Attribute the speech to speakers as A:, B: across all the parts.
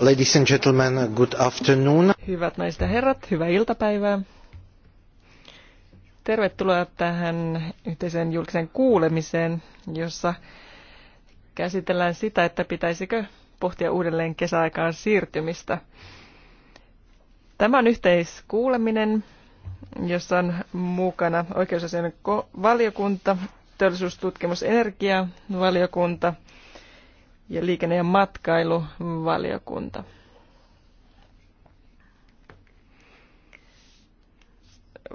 A: Ladies and gentlemen, good afternoon. Hyvät naiset ja herrat, hyvää iltapäivää. Tervetuloa tähän yhteiseen julkiseen kuulemiseen, jossa käsitellään sitä, että pitäisikö pohtia uudelleen kesäaikaan siirtymistä. Tämä on yhteiskuuleminen, jossa on mukana oikeusasian valiokunta, teollisuustutkimus- ja energiavaliokunta – ja liikenne- ja matkailuvaliokunta.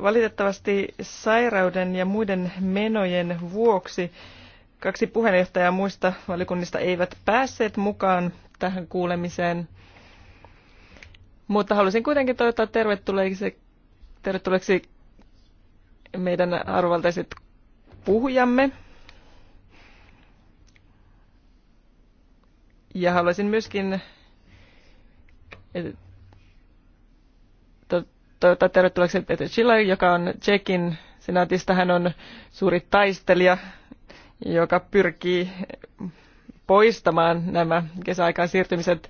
A: Valitettavasti sairauden ja muiden menojen vuoksi kaksi puheenjohtajaa muista valiokunnista eivät päässeet mukaan tähän kuulemiseen. Mutta halusin kuitenkin toivottaa tervetulleeksi, tervetulleeksi meidän arvovaltaiset puhujamme. Ja haluaisin myöskin toivottaa tervetulleeksi Peter Schiller, joka on Tsekin senaatista. Hän on suuri taistelija, joka pyrkii poistamaan nämä kesäaikaan siirtymiset.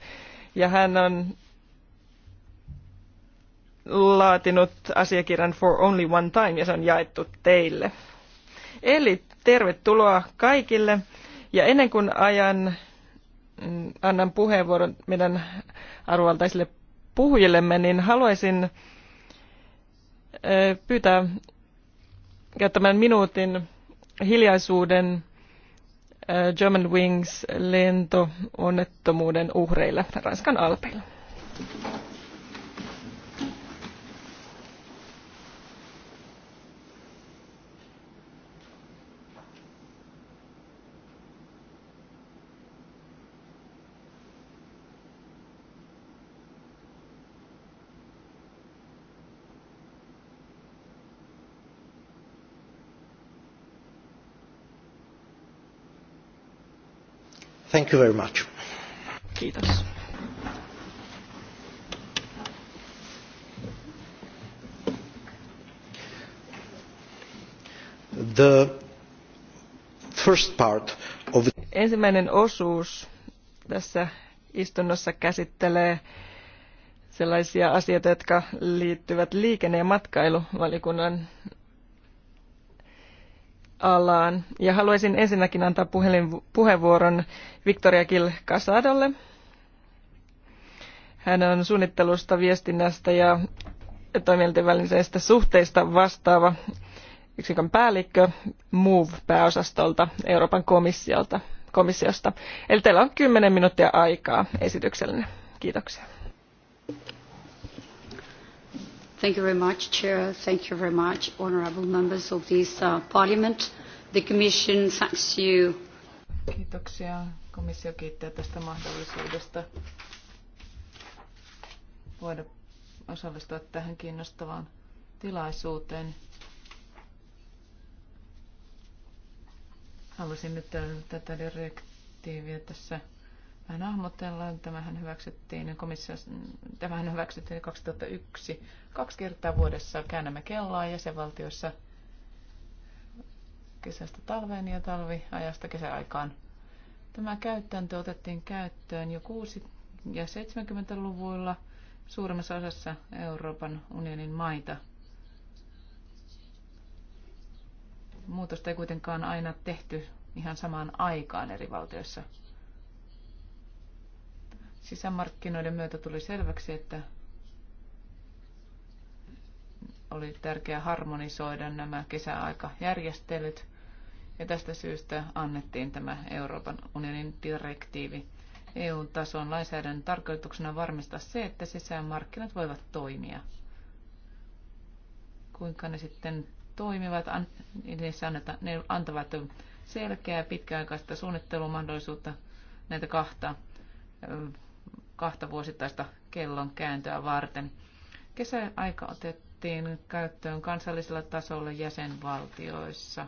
A: Ja hän on laatinut asiakirjan For Only One Time ja se on jaettu teille. Eli tervetuloa kaikille. Ja ennen kuin ajan Mm, annan puheenvuoron meidän arvovaltaisille puhujillemme, niin haluaisin pyytää käyttämään minuutin hiljaisuuden German Wings lentoonnettomuuden uhreille Ranskan alpeilla. Thank you very much. Kiitos. The first part of the... Ensimmäinen osuus tässä istunnossa käsittelee sellaisia asioita, jotka liittyvät liikenne- ja matkailuvaliokunnan alaan. Ja haluaisin ensinnäkin antaa puhelin, puheenvuoron Victoria Gil Casadolle. Hän on suunnittelusta, viestinnästä ja toimielten välisestä suhteista vastaava yksikön päällikkö MOVE-pääosastolta Euroopan komissiolta, komissiosta. Eli teillä on 10 minuuttia aikaa esityksellenne. Kiitoksia.
B: Thank you very much, Chair. Thank you very much, honourable members of this uh, Parliament.
C: The Commission thanks you. Kiitoksia. Komissio kiittää tästä mahdollisuudesta voida osallistua tähän kiinnostavaan tilaisuuteen. Haluaisin nyt äh, tätä direktiiviä tässä vähän hahmotellaan. Tämähän hyväksyttiin, tämähän hyväksyttiin 2001. Kaksi kertaa vuodessa käännämme kelloa jäsenvaltioissa kesästä talveen ja talviajasta kesäaikaan. Tämä käytäntö otettiin käyttöön jo 6- ja 70-luvuilla suurimmassa osassa Euroopan unionin maita. Muutosta ei kuitenkaan aina tehty ihan samaan aikaan eri valtioissa. Sisämarkkinoiden myötä tuli selväksi, että oli tärkeää harmonisoida nämä kesäaikajärjestelyt. Ja tästä syystä annettiin tämä Euroopan unionin direktiivi. EU-tason lainsäädännön tarkoituksena varmistaa se, että sisämarkkinat voivat toimia. Kuinka ne sitten toimivat, ne antavat selkeää pitkäaikaista suunnittelumahdollisuutta näitä kahta kahta vuosittaista kellon kääntöä varten. Kesäaika otettiin käyttöön kansallisella tasolla jäsenvaltioissa.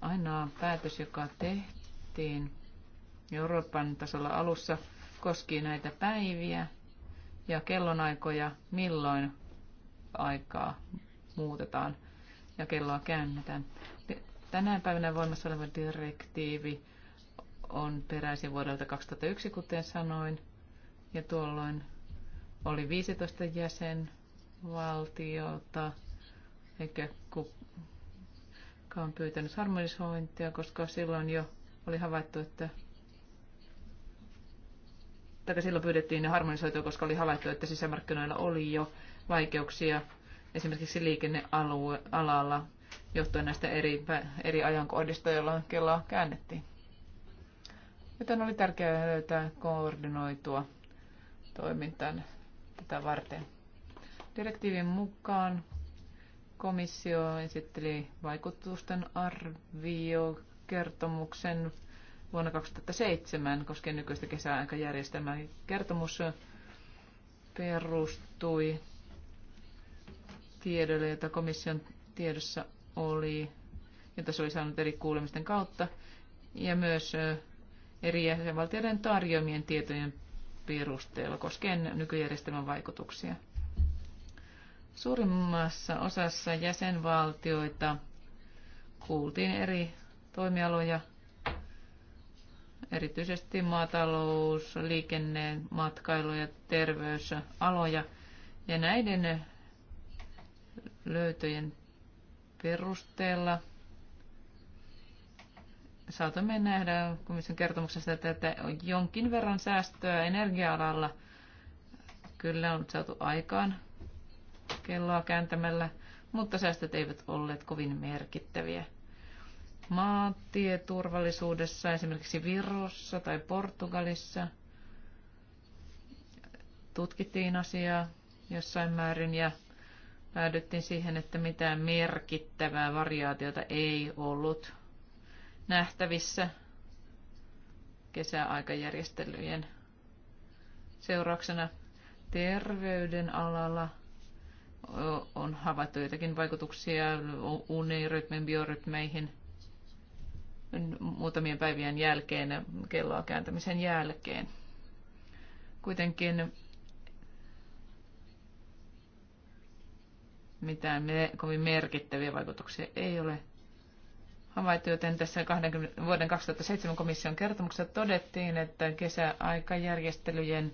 C: Ainoa päätös, joka tehtiin Euroopan tasolla alussa, koski näitä päiviä ja kellonaikoja, milloin aikaa muutetaan ja kelloa käännetään. Tänään päivänä voimassa oleva direktiivi on peräisin vuodelta 2001, kuten sanoin, ja tuolloin oli 15 jäsenvaltiota, eikä kukaan pyytänyt harmonisointia, koska silloin jo oli havaittu, että tai silloin pyydettiin harmonisoitua, koska oli havaittu, että sisämarkkinoilla oli jo vaikeuksia esimerkiksi liikennealalla johtuen näistä eri, eri ajankohdista, jolloin kelloa käännettiin. Joten oli tärkeää löytää koordinoitua toimintaa tätä varten. Direktiivin mukaan komissio esitteli vaikutusten arviokertomuksen vuonna 2007 koskien nykyistä kesäaikajärjestelmää. Kertomus perustui tiedolle, jota komission tiedossa oli, jota se oli saanut eri kuulemisten kautta, ja myös eri jäsenvaltioiden tarjoamien tietojen perusteella koskien nykyjärjestelmän vaikutuksia. Suurimmassa osassa jäsenvaltioita kuultiin eri toimialoja, erityisesti maatalous, liikenne, matkailu ja terveysaloja. Ja näiden löytöjen perusteella – saatamme nähdä komission kertomuksesta, että, että jonkin verran säästöä energia-alalla kyllä on saatu aikaan kelloa kääntämällä, mutta säästöt eivät olleet kovin merkittäviä. Maantieturvallisuudessa esimerkiksi Virossa tai Portugalissa tutkittiin asiaa jossain määrin ja päädyttiin siihen, että mitään merkittävää variaatiota ei ollut nähtävissä kesäaikajärjestelyjen seurauksena terveyden alalla on havaittu joitakin vaikutuksia unirytmin, biorytmeihin muutamien päivien jälkeen, kelloa kääntämisen jälkeen. Kuitenkin mitään kovin merkittäviä vaikutuksia ei ole havaittu, joten tässä 20, vuoden 2007 komission kertomuksessa todettiin, että kesäaikajärjestelyjen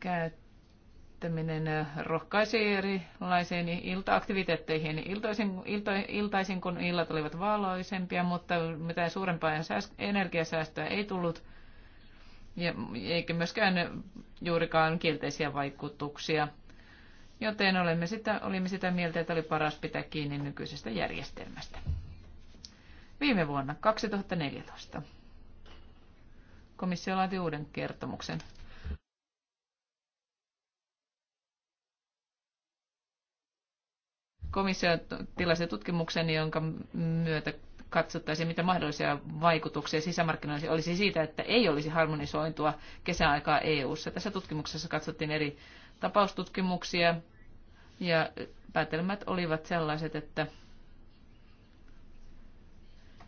C: käyttäminen rohkaisi erilaisiin iltaaktiviteetteihin. Iltaisin, ilto, iltaisin, kun illat olivat valoisempia, mutta mitään suurempaa energiasäästöä ei tullut, ja, eikä myöskään juurikaan kielteisiä vaikutuksia joten olemme sitä, olimme sitä mieltä, että oli paras pitää kiinni nykyisestä järjestelmästä. Viime vuonna 2014 komissio laati uuden kertomuksen. Komissio tilasi tutkimuksen, jonka myötä katsottaisiin, mitä mahdollisia vaikutuksia sisämarkkinoilla olisi siitä, että ei olisi harmonisointua kesäaikaa EU-ssa. Tässä tutkimuksessa katsottiin eri tapaustutkimuksia, ja päätelmät olivat sellaiset, että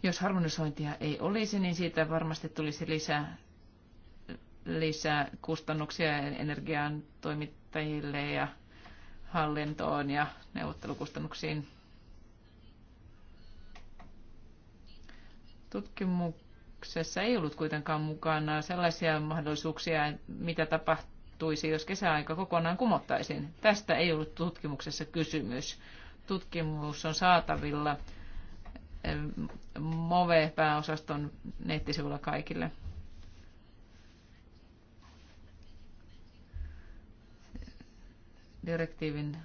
C: jos harmonisointia ei olisi, niin siitä varmasti tulisi lisää, lisää kustannuksia energian toimittajille ja hallintoon ja neuvottelukustannuksiin. Tutkimuksessa ei ollut kuitenkaan mukana sellaisia mahdollisuuksia, mitä tapahtuu muuttuisi, jos kesäaika kokonaan kumottaisiin. Tästä ei ollut tutkimuksessa kysymys. Tutkimus on saatavilla MOVE-pääosaston nettisivulla kaikille. Direktiivin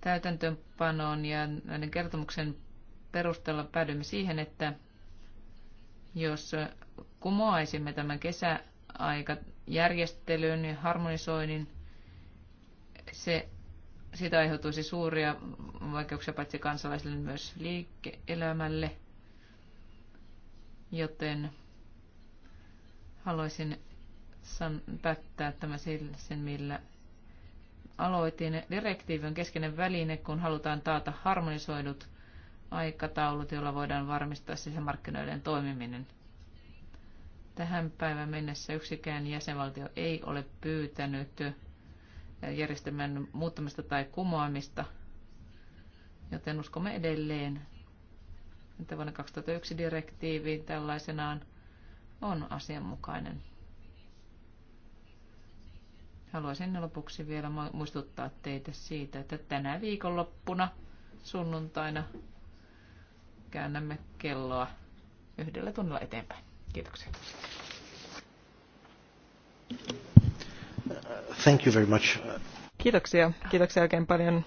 C: täytäntöönpanoon ja näiden kertomuksen perusteella päädyimme siihen, että jos kumoaisimme tämän kesäaika järjestelyn ja harmonisoinnin. Se, siitä aiheutuisi suuria vaikeuksia paitsi kansalaisille niin myös liike-elämälle, joten haluaisin san- päättää tämä sen, millä aloitin. Direktiivi on keskeinen väline, kun halutaan taata harmonisoidut aikataulut, joilla voidaan varmistaa sisämarkkinoiden toimiminen. Tähän päivään mennessä yksikään jäsenvaltio ei ole pyytänyt eh, järjestelmän muuttamista tai kumoamista, joten uskomme edelleen, että vuonna 2001 direktiivi tällaisenaan on asianmukainen. Haluaisin lopuksi vielä muistuttaa teitä siitä, että tänä viikonloppuna sunnuntaina käännämme kelloa
A: yhdellä tunnilla eteenpäin. Kiitoksia.
B: Thank you very much.
A: Kiitoksia. Kiitoksia oikein paljon.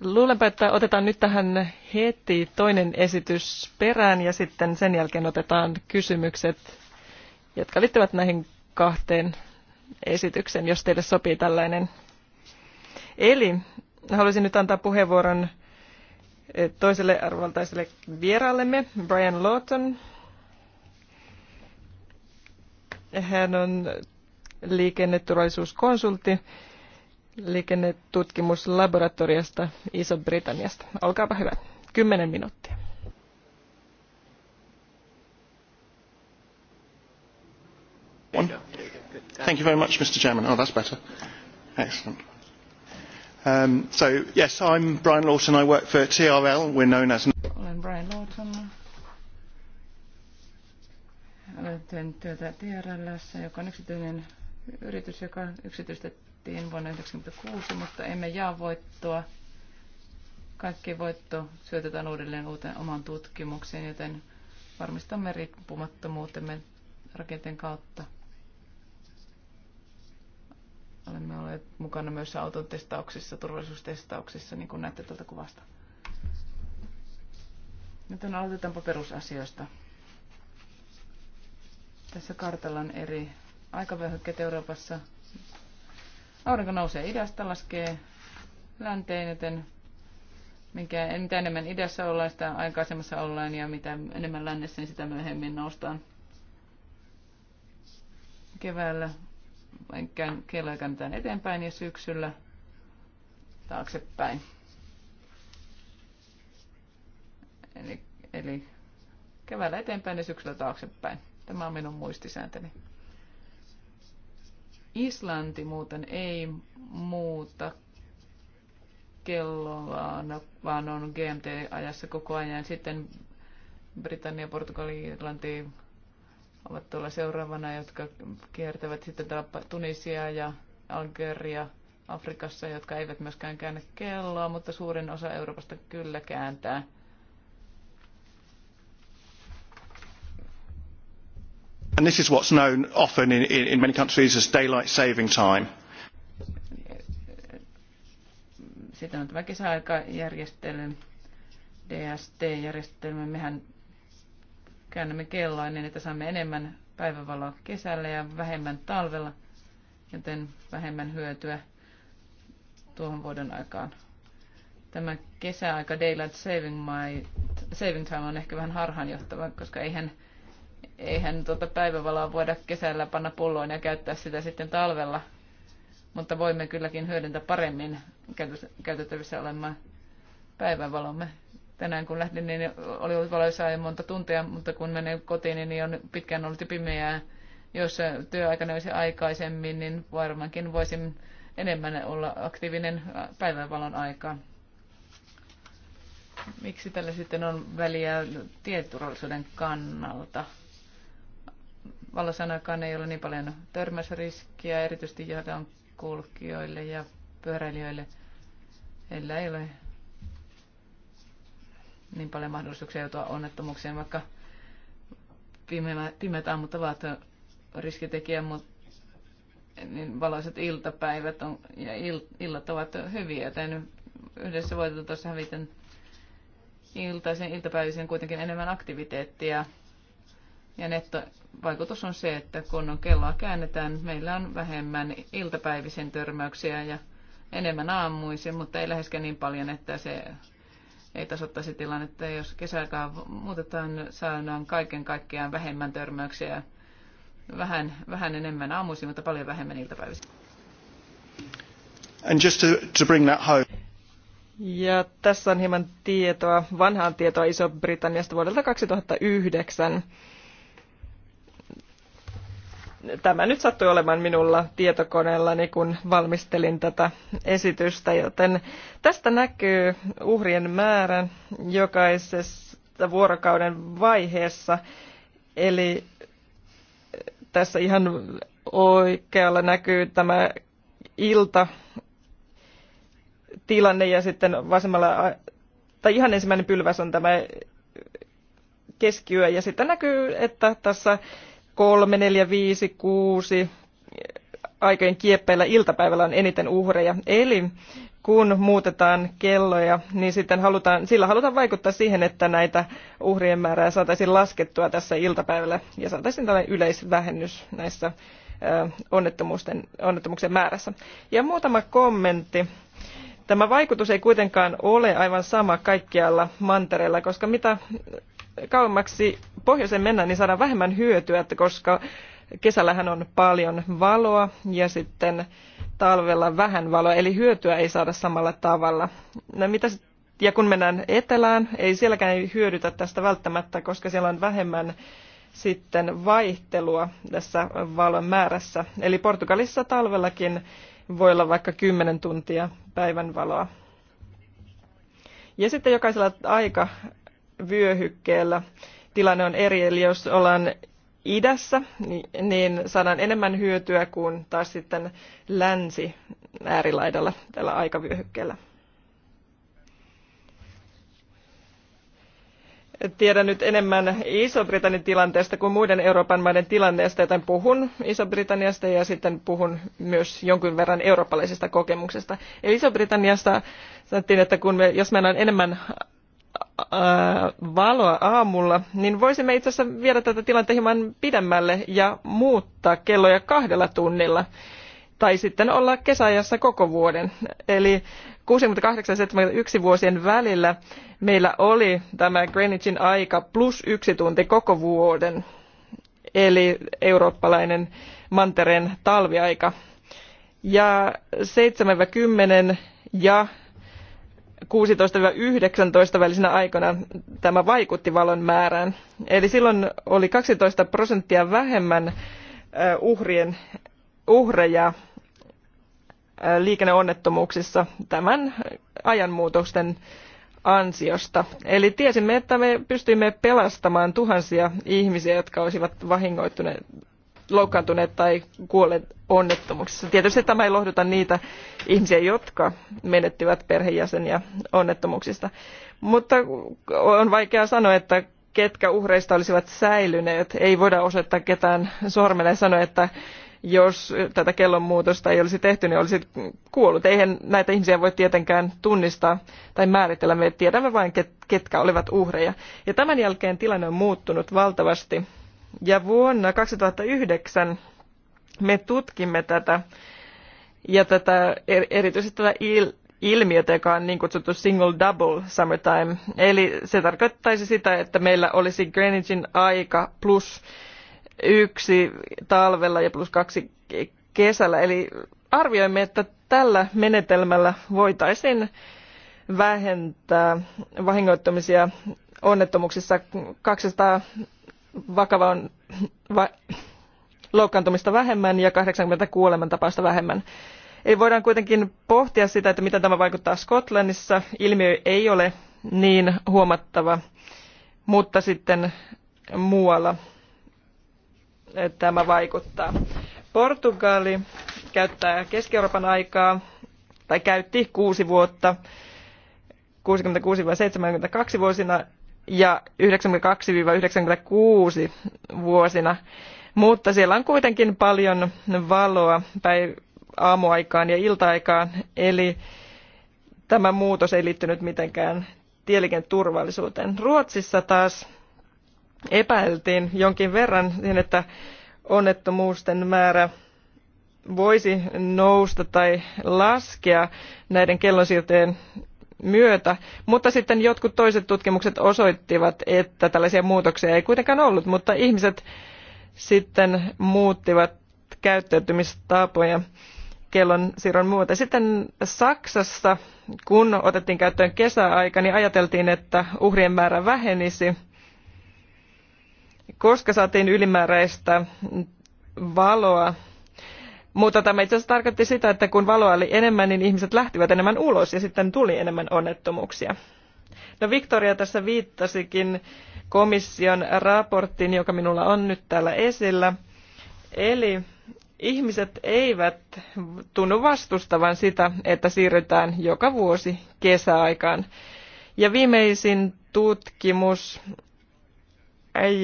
A: Luulenpa, että otetaan nyt tähän heti toinen esitys perään ja sitten sen jälkeen otetaan kysymykset, jotka liittyvät näihin kahteen esitykseen, jos teille sopii tällainen. Eli haluaisin nyt antaa puheenvuoron toiselle arvovaltaiselle vieraallemme, Brian Lawton. Hän on liikenneturvallisuuskonsultti liikennetutkimuslaboratoriosta Iso-Britanniasta. Olkaapa hyvä. Kymmenen minuuttia. Thank you very much, Mr. Chairman. Oh, that's better. Excellent. Um, Brian Lawton. I work for TRL. We're known as...
C: Olen Brian Lawton. Aloitin työtä TRLssä, joka on yksityinen yritys, joka yksityistettiin vuonna 1996, mutta emme jaa voittoa. Kaikki voitto syötetään uudelleen uuteen omaan tutkimukseen, joten varmistamme riippumattomuutemme rakenteen kautta. Olemme olleet mukana myös testauksissa, turvallisuustestauksissa, niin kuin näette tältä kuvasta. Nyt on aloitetaanpa perusasioista. Tässä kartalla on eri aikavyöhykkeet Euroopassa. Aurinko nousee idästä, laskee länteen, joten mikä, mitä enemmän idässä ollaan, sitä aikaisemmassa ollaan, ja mitä enemmän lännessä, niin sitä myöhemmin noustaan. Keväällä kelloja käännytään eteenpäin ja syksyllä taaksepäin. Eli, eli keväällä eteenpäin ja syksyllä taaksepäin. Tämä on minun muistisääntöni. Islanti muuten ei muuta kelloa vaan on GMT-ajassa koko ajan. Sitten Britannia, Portugali, Irlanti, ovat tuolla seuraavana, jotka kiertävät sitten Tunisia ja Algeria Afrikassa, jotka eivät myöskään käännä kelloa, mutta suurin osa Euroopasta kyllä kääntää.
A: And this is what's known often in, in, in many countries as daylight saving time.
C: Sitten on tämä kesäaikajärjestelmä, DST-järjestelmä. Mehän käännämme kelloa niin, että saamme enemmän päivävaloa kesällä ja vähemmän talvella, joten vähemmän hyötyä tuohon vuoden aikaan. Tämä kesäaika Daylight Saving, my, saving Time on ehkä vähän harhaanjohtava, koska eihän, eihän tuota päivävaloa voida kesällä panna pulloon ja käyttää sitä sitten talvella, mutta voimme kylläkin hyödyntää paremmin käytettävissä olemaan päivävalomme tänään kun lähdin, niin oli ollut valoisaa jo monta tuntia, mutta kun menen kotiin, niin on pitkään ollut pimeää. Jos työaikana olisi aikaisemmin, niin varmaankin voisin enemmän olla aktiivinen päivänvalon aikaan. Miksi tällä sitten on väliä tieturvallisuuden kannalta? Valosanakaan ei ole niin paljon törmäysriskiä, erityisesti jalankulkijoille ja pyöräilijöille. Heillä ei ole niin paljon mahdollisuuksia joutua onnettomuuksiin, vaikka pimeät aamut ovat riskitekijä, mutta niin valoiset iltapäivät on, ja illat ovat hyviä, joten yhdessä voitetaan tuossa hävitän iltaisen iltapäivisen kuitenkin enemmän aktiviteettia. Ja nettovaikutus on se, että kun on kelloa käännetään, meillä on vähemmän iltapäivisen törmäyksiä ja enemmän aamuisin, mutta ei läheskään niin paljon, että se ei tasoittaisi tilannetta. Jos kesäaikaa muutetaan, saadaan kaiken kaikkiaan vähemmän törmäyksiä.
A: Vähän, vähän enemmän aamuisin, mutta paljon vähemmän iltapäivissä. And just to, to bring that home. Ja tässä on hieman tietoa, vanhaa tietoa Iso-Britanniasta vuodelta 2009. Tämä nyt sattui olemaan minulla tietokoneellani, kun valmistelin tätä esitystä, joten tästä näkyy uhrien määrän jokaisessa vuorokauden vaiheessa. Eli eh, tässä ihan oikealla näkyy tämä ilta tilanne ja sitten vasemmalla, tai ihan ensimmäinen pylväs on tämä eh, keskiyö ja sitten näkyy, että tässä 3, 4, 5, 6 aikojen kieppeillä iltapäivällä on eniten uhreja. Eli kun muutetaan kelloja, niin sitten halutaan, sillä halutaan vaikuttaa siihen, että näitä uhrien määrää saataisiin laskettua tässä iltapäivällä ja saataisiin tällainen yleisvähennys näissä onnettomuusten, onnettomuuksien määrässä. Ja muutama kommentti. Tämä vaikutus ei kuitenkaan ole aivan sama kaikkialla mantereella, koska mitä kauemmaksi pohjoiseen mennään, niin saadaan vähemmän hyötyä, että koska kesällähän on paljon valoa ja sitten talvella vähän valoa, eli hyötyä ei saada samalla tavalla. No, mitä ja kun mennään etelään, ei sielläkään hyödytä tästä välttämättä, koska siellä on vähemmän sitten vaihtelua tässä valon määrässä. Eli Portugalissa talvellakin voi olla vaikka 10 tuntia päivänvaloa. Ja sitten jokaisella aika vyöhykkeellä tilanne on eri, eli jos ollaan idässä, niin saadaan enemmän hyötyä kuin taas sitten länsi äärilaidalla tällä aikavyöhykkeellä. Tiedän nyt enemmän Iso-Britannian tilanteesta kuin muiden Euroopan maiden tilanteesta, joten puhun Iso-Britanniasta ja sitten puhun myös jonkin verran eurooppalaisesta kokemuksesta. Eli Iso-Britanniasta sanottiin, että kun me, jos meillä on enemmän Äh, valoa aamulla, niin voisimme itse asiassa viedä tätä tilannetta hieman pidemmälle ja muuttaa kelloja kahdella tunnilla. Tai sitten olla kesäajassa koko vuoden. Eli 68-71 vuosien välillä meillä oli tämä Greenwichin aika plus yksi tunti koko vuoden. Eli eurooppalainen mantereen talviaika. Ja 7-10 ja kuusitoista yhdeksäntoista välisenä aikana tämä vaikutti valon määrään eli silloin oli kaksitoista prosenttia vähemmän uhrien, uhreja liikenneonnettomuuksissa tämän ajanmuutosten ansiosta. Eli tiesimme, että me pystyimme pelastamaan tuhansia ihmisiä, jotka olisivat vahingoittuneet loukkaantuneet tai kuolleet onnettomuuksissa. Tietysti tämä ei lohduta niitä ihmisiä, jotka menettivät perhejäseniä onnettomuuksista. Mutta on vaikea sanoa, että ketkä uhreista olisivat säilyneet. Ei voida osoittaa ketään sormella ja sanoa, että jos tätä kellonmuutosta ei olisi tehty, niin olisi kuollut. Eihän näitä ihmisiä voi tietenkään tunnistaa tai määritellä. Me tiedämme vain, ketkä olivat uhreja. Ja tämän jälkeen tilanne on muuttunut valtavasti ja vuonna 2009 me tutkimme tätä ja tätä, er-, erityisesti tätä il, ilmiötä, joka on niin kutsuttu single double summertime. Eli se tarkoittaisi sitä, että meillä olisi Greenwichin aika plus yksi talvella ja plus kaksi kesällä. Eli arvioimme, että tällä menetelmällä voitaisiin vähentää vahingoittumisia onnettomuuksissa 200 vakava on va, loukkaantumista vähemmän ja 80 kuolemantapausta vähemmän. Eli voidaan kuitenkin pohtia sitä, että miten tämä vaikuttaa Skotlannissa. Ilmiö ei ole niin huomattava, mutta sitten muualla tämä vaikuttaa. Portugali käyttää Keski-Euroopan aikaa, tai käytti kuusi vuotta, 66-72 vuosina ja 92-96 vuosina. Mutta siellä on kuitenkin paljon valoa päiv- aamuaikaan ja iltaaikaan, eli tämä muutos ei liittynyt mitenkään tieliikenneturvallisuuteen. Ruotsissa taas epäiltiin jonkin verran niin, että onnettomuusten määrä voisi nousta tai laskea näiden kellonsiirtojen myötä, mutta sitten jotkut toiset tutkimukset osoittivat, että tällaisia muutoksia ei kuitenkaan ollut, mutta ihmiset sitten muuttivat käyttäytymistapoja kellon siirron muuta. Sitten Saksassa, kun otettiin käyttöön kesäaika, niin ajateltiin, että uhrien määrä vähenisi, koska saatiin ylimääräistä valoa mutta tämä itse asiassa tarkoitti sitä, että kun valoa oli enemmän, niin ihmiset lähtivät enemmän ulos ja sitten tuli enemmän onnettomuuksia. No Victoria tässä viittasikin komission raporttiin, joka minulla on nyt täällä esillä. Eli ihmiset eivät tunnu vastustavan sitä, että siirrytään joka vuosi kesäaikaan. Ja viimeisin tutkimus,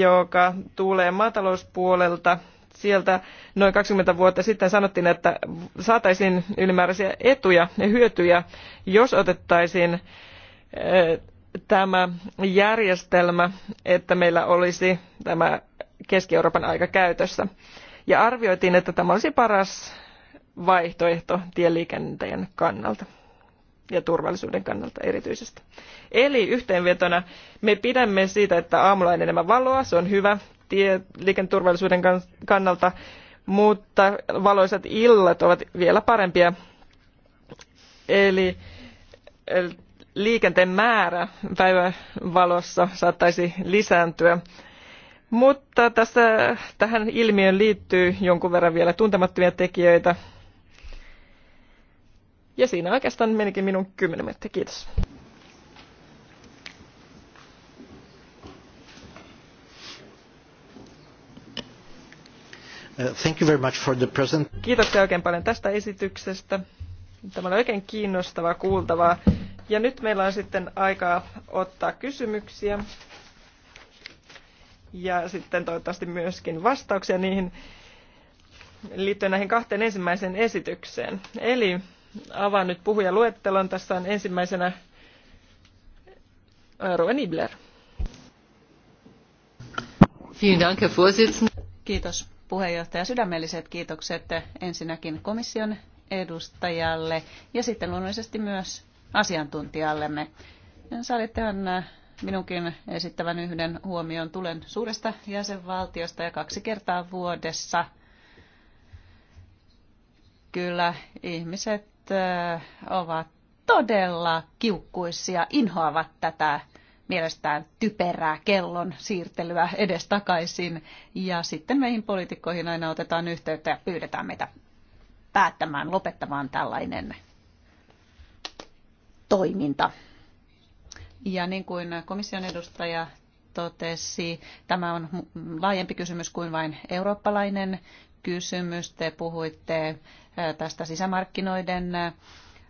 A: joka tulee maatalouspuolelta, sieltä noin 20 vuotta sitten sanottiin, että saataisiin ylimääräisiä etuja ja hyötyjä, jos otettaisiin eh, tämä järjestelmä, että meillä olisi tämä Keski-Euroopan aika käytössä. Ja arvioitiin, että tämä olisi paras vaihtoehto tieliikenteen kannalta ja turvallisuuden kannalta erityisesti. Eli yhteenvetona me pidämme siitä, että aamulla on enemmän valoa, se on hyvä tie, liikenneturvallisuuden kannalta, mutta valoisat illat ovat vielä parempia. Eli liikenteen määrä päivävalossa saattaisi lisääntyä. Mutta tässä, tähän ilmiön liittyy jonkun verran vielä tuntemattomia tekijöitä. Ja siinä oikeastaan menikin minun kymmenen minuuttia. Kiitos. Uh, thank you very much for the present. Kiitoksia oikein paljon tästä esityksestä. Tämä on oikein kiinnostavaa kuultavaa. Ja nyt meillä on sitten aikaa ottaa kysymyksiä ja sitten toivottavasti myöskin vastauksia niihin liittyen näihin kahteen ensimmäiseen esitykseen. Eli avaan nyt puhujaluettelon. Tässä on ensimmäisenä äh, Ruben Ibler. Kiitos puheenjohtaja,
B: sydämelliset kiitokset ensinnäkin komission edustajalle ja sitten luonnollisesti myös asiantuntijallemme. Sallittehan äh, minunkin esittävän yhden huomion. Tulen suuresta jäsenvaltiosta ja kaksi kertaa vuodessa kyllä ihmiset äh, ovat todella kiukkuisia, inhoavat tätä mielestään typerää kellon siirtelyä edestakaisin. Ja sitten meihin poliitikkoihin aina otetaan yhteyttä ja pyydetään meitä päättämään, lopettamaan tällainen toiminta. Ja niin kuin komission edustaja totesi, tämä on laajempi kysymys kuin vain eurooppalainen kysymys. Te puhuitte tästä sisämarkkinoiden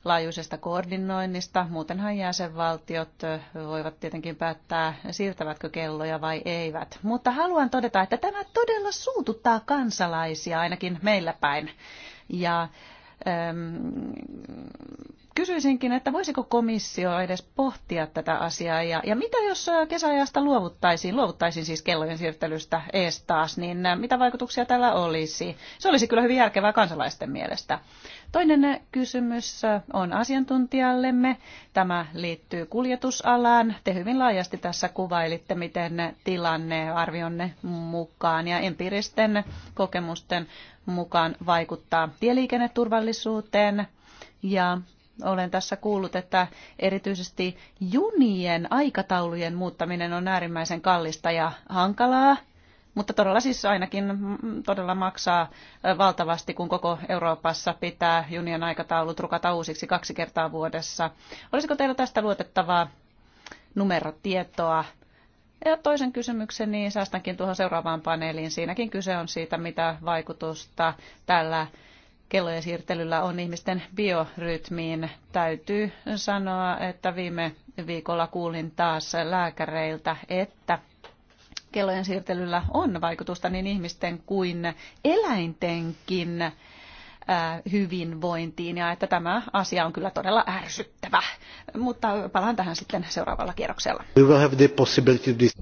B: laajuisesta koordinoinnista. Muutenhan jäsenvaltiot voivat tietenkin päättää, siirtävätkö kelloja vai eivät. Mutta haluan todeta, että tämä todella suututtaa kansalaisia ainakin meillä päin. Ja ähm, Kysyisinkin, että voisiko komissio edes pohtia tätä asiaa ja, ja mitä jos kesäajasta luovuttaisiin, luovuttaisiin siis kellojen siirtelystä ees taas, niin mitä vaikutuksia tällä olisi? Se olisi kyllä hyvin järkevää kansalaisten mielestä. Toinen kysymys on asiantuntijallemme. Tämä liittyy kuljetusalaan. Te hyvin laajasti tässä kuvailitte, miten tilanne arvionne mukaan ja empiiristen kokemusten mukaan vaikuttaa tieliikenneturvallisuuteen ja olen tässä kuullut, että erityisesti junien aikataulujen muuttaminen on äärimmäisen kallista ja hankalaa, mutta todella siis ainakin mm, mm, todella maksaa valtavasti, kun koko Euroopassa pitää junien aikataulut rukata uusiksi kaksi kertaa vuodessa. Olisiko teillä tästä luotettavaa numerotietoa? Ja toisen kysymyksen niin säästänkin tuohon seuraavaan paneeliin. Siinäkin kyse on siitä, mitä vaikutusta tällä kellojen siirtelyllä on ihmisten biorytmiin. Täytyy sanoa, että viime viikolla kuulin taas lääkäreiltä, että kellojen siirtelyllä on vaikutusta niin ihmisten kuin eläintenkin hyvinvointiin ja että tämä asia on kyllä todella
A: ärsyttävä. Mutta palaan tähän sitten seuraavalla kierroksella.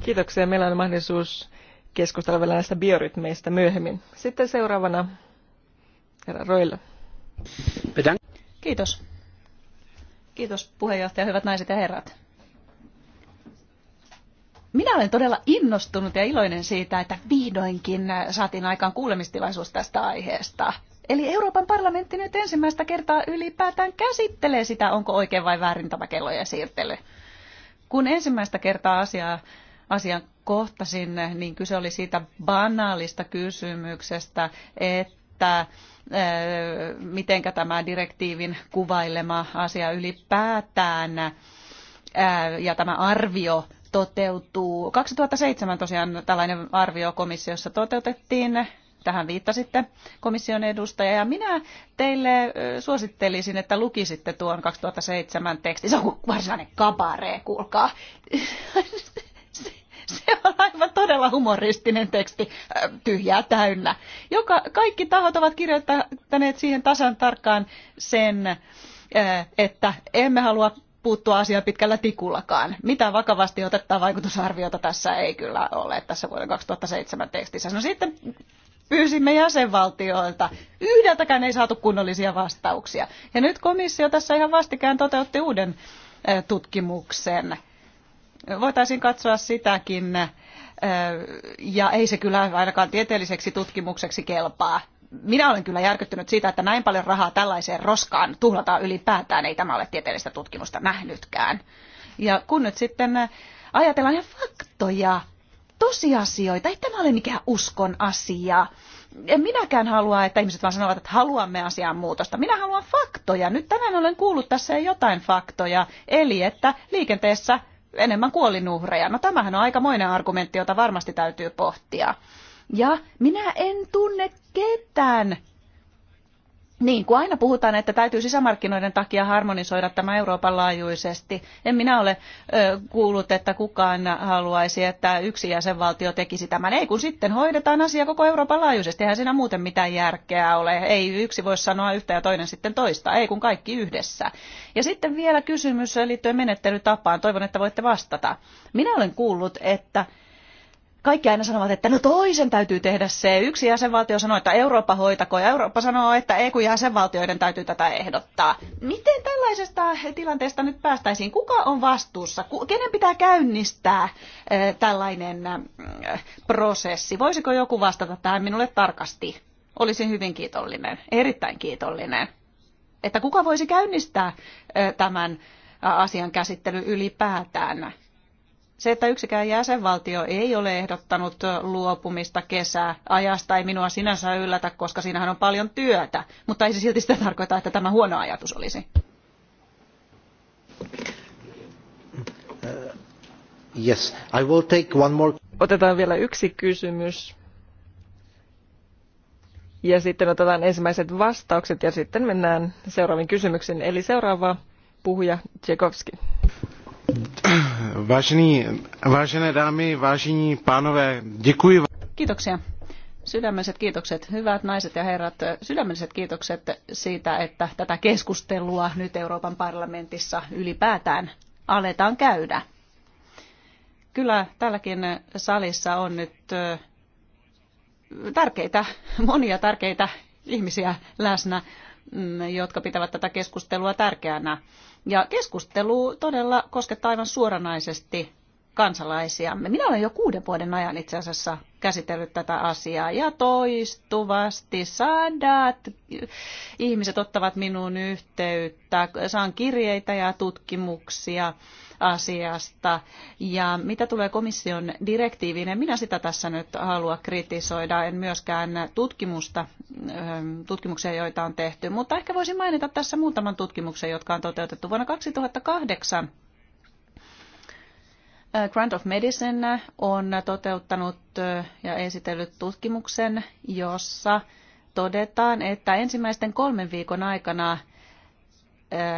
A: Kiitoksia. Meillä on mahdollisuus keskustella vielä näistä biorytmeistä myöhemmin. Sitten seuraavana Herra Roille. Kiitos.
B: Kiitos puheenjohtaja, hyvät naiset ja herrat. Minä olen todella innostunut ja iloinen siitä, että vihdoinkin saatiin aikaan kuulemistilaisuus tästä aiheesta. Eli Euroopan parlamentti nyt ensimmäistä kertaa ylipäätään käsittelee sitä, onko oikein vai väärin tämä kellojen siirtely. Kun ensimmäistä kertaa asiaa, asian kohtasin, niin kyse oli siitä banaalista kysymyksestä, että että eh, mitenkä tämä direktiivin kuvailema asia ylipäätään eh, ja tämä arvio toteutuu. 2007 tosiaan tällainen arvio komissiossa toteutettiin. Tähän viittasitte komission edustaja. Ja minä teille eh, suosittelisin, että lukisitte tuon 2007 tekstin. Se on varsinainen kabaree, kuulkaa. Se on aivan todella humoristinen teksti, äh, tyhjää täynnä. Joka, kaikki tahot ovat kirjoittaneet siihen tasan tarkkaan sen, äh, että emme halua puuttua asiaan pitkällä tikullakaan. Mitä vakavasti otettaa vaikutusarviota tässä ei kyllä ole tässä vuoden 2007 tekstissä. No sitten pyysimme jäsenvaltioilta. Yhdeltäkään ei saatu kunnollisia vastauksia. Ja nyt komissio tässä ihan vastikään toteutti uuden äh, tutkimuksen voitaisiin katsoa sitäkin, ja ei se kyllä ainakaan tieteelliseksi tutkimukseksi kelpaa. Minä olen kyllä järkyttynyt siitä, että näin paljon rahaa tällaiseen roskaan tuhlataan ylipäätään, ei tämä ole tieteellistä tutkimusta nähnytkään. Ja kun nyt sitten ajatellaan ihan faktoja, tosiasioita, ei tämä ole mikään uskon asia. En minäkään halua, että ihmiset vaan sanovat, että haluamme asiaan muutosta. Minä haluan faktoja. Nyt tänään olen kuullut tässä jotain faktoja. Eli että liikenteessä enemmän kuolinuhreja. No tämähän on aikamoinen argumentti, jota varmasti täytyy pohtia. Ja minä en tunne ketään niin, kuin aina puhutaan, että täytyy sisämarkkinoiden takia harmonisoida tämä Euroopan laajuisesti. En minä ole ö, kuullut, että kukaan haluaisi, että yksi jäsenvaltio tekisi tämän. Ei, kun sitten hoidetaan asia koko Euroopan laajuisesti. Eihän siinä muuten mitään järkeä ole. Ei yksi voi sanoa yhtä ja toinen sitten toista. Ei, kun kaikki yhdessä. Ja sitten vielä kysymys liittyen menettelytapaan. Toivon, että voitte vastata. Minä olen kuullut, että kaikki aina sanovat, että no toisen täytyy tehdä se. Yksi jäsenvaltio sanoo, että Eurooppa hoitako, ja Eurooppa sanoo, että ei kun jäsenvaltioiden täytyy tätä ehdottaa. Miten tällaisesta tilanteesta nyt päästäisiin? Kuka on vastuussa? Kenen pitää käynnistää tällainen prosessi? Voisiko joku vastata tähän minulle tarkasti? Olisin hyvin kiitollinen, erittäin kiitollinen. Että kuka voisi käynnistää tämän asian käsittelyn ylipäätään? Se, että yksikään jäsenvaltio ei ole ehdottanut luopumista kesäajasta, ei minua sinänsä yllätä, koska siinähän on paljon työtä, mutta ei se silti sitä tarkoita, että tämä huono ajatus olisi.
A: Uh, yes, I will take one more. Otetaan vielä yksi kysymys. Ja sitten otetaan ensimmäiset vastaukset ja sitten mennään seuraaviin kysymyksiin. Eli seuraava puhuja Tsekovski vážené dámy, vážení pánové, děkuji.
B: Kiitoksia. Sydämelliset kiitokset, hyvät naiset ja herrat, sydämelliset kiitokset siitä, että tätä keskustelua nyt Euroopan parlamentissa ylipäätään aletaan käydä. Kyllä tälläkin salissa on nyt tärkeitä, monia tärkeitä ihmisiä läsnä, mm, jotka pitävät tätä keskustelua tärkeänä. Ja keskustelu todella koskettaa aivan suoranaisesti kansalaisiamme. Minä olen jo kuuden vuoden ajan itse asiassa käsitellyt tätä asiaa ja toistuvasti sadat ihmiset ottavat minuun yhteyttä, saan kirjeitä ja tutkimuksia asiasta. Ja mitä tulee komission direktiiviin, en minä sitä tässä nyt halua kritisoida, en myöskään tutkimusta, ähm, tutkimuksia, joita on tehty, mutta ehkä voisin mainita tässä muutaman tutkimuksen, jotka on toteutettu vuonna 2008 Äh, Grant of Medicine on toteuttanut äh, ja esitellyt tutkimuksen, jossa todetaan, että ensimmäisten kolmen viikon aikana äh,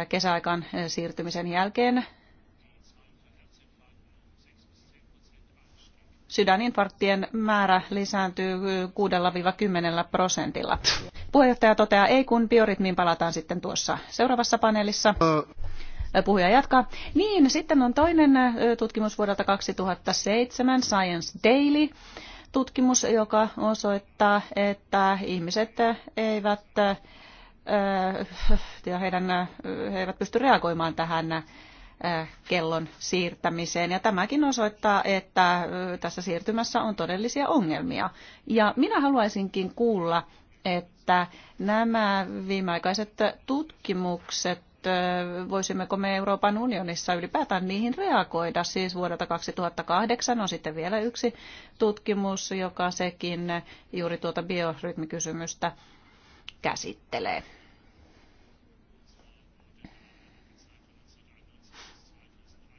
B: kesäaikaan siirtymisen jälkeen sydäninfarktien määrä lisääntyy 6-10 prosentilla. Puheenjohtaja toteaa ei, kun bioritmiin palataan sitten tuossa seuraavassa paneelissa. Puhuja jatkaa. Niin, sitten on toinen tutkimus vuodelta 2007, Science Daily tutkimus, joka osoittaa, että ihmiset eivät ja heidän, he eivät pysty reagoimaan tähän kellon siirtämiseen. Ja tämäkin osoittaa, että tässä siirtymässä on todellisia ongelmia. Ja minä haluaisinkin kuulla, että nämä viimeaikaiset tutkimukset voisimmeko me Euroopan unionissa ylipäätään niihin reagoida. Siis vuodelta 2008 on sitten vielä yksi tutkimus, joka sekin juuri tuota biorytmikysymystä käsittelee.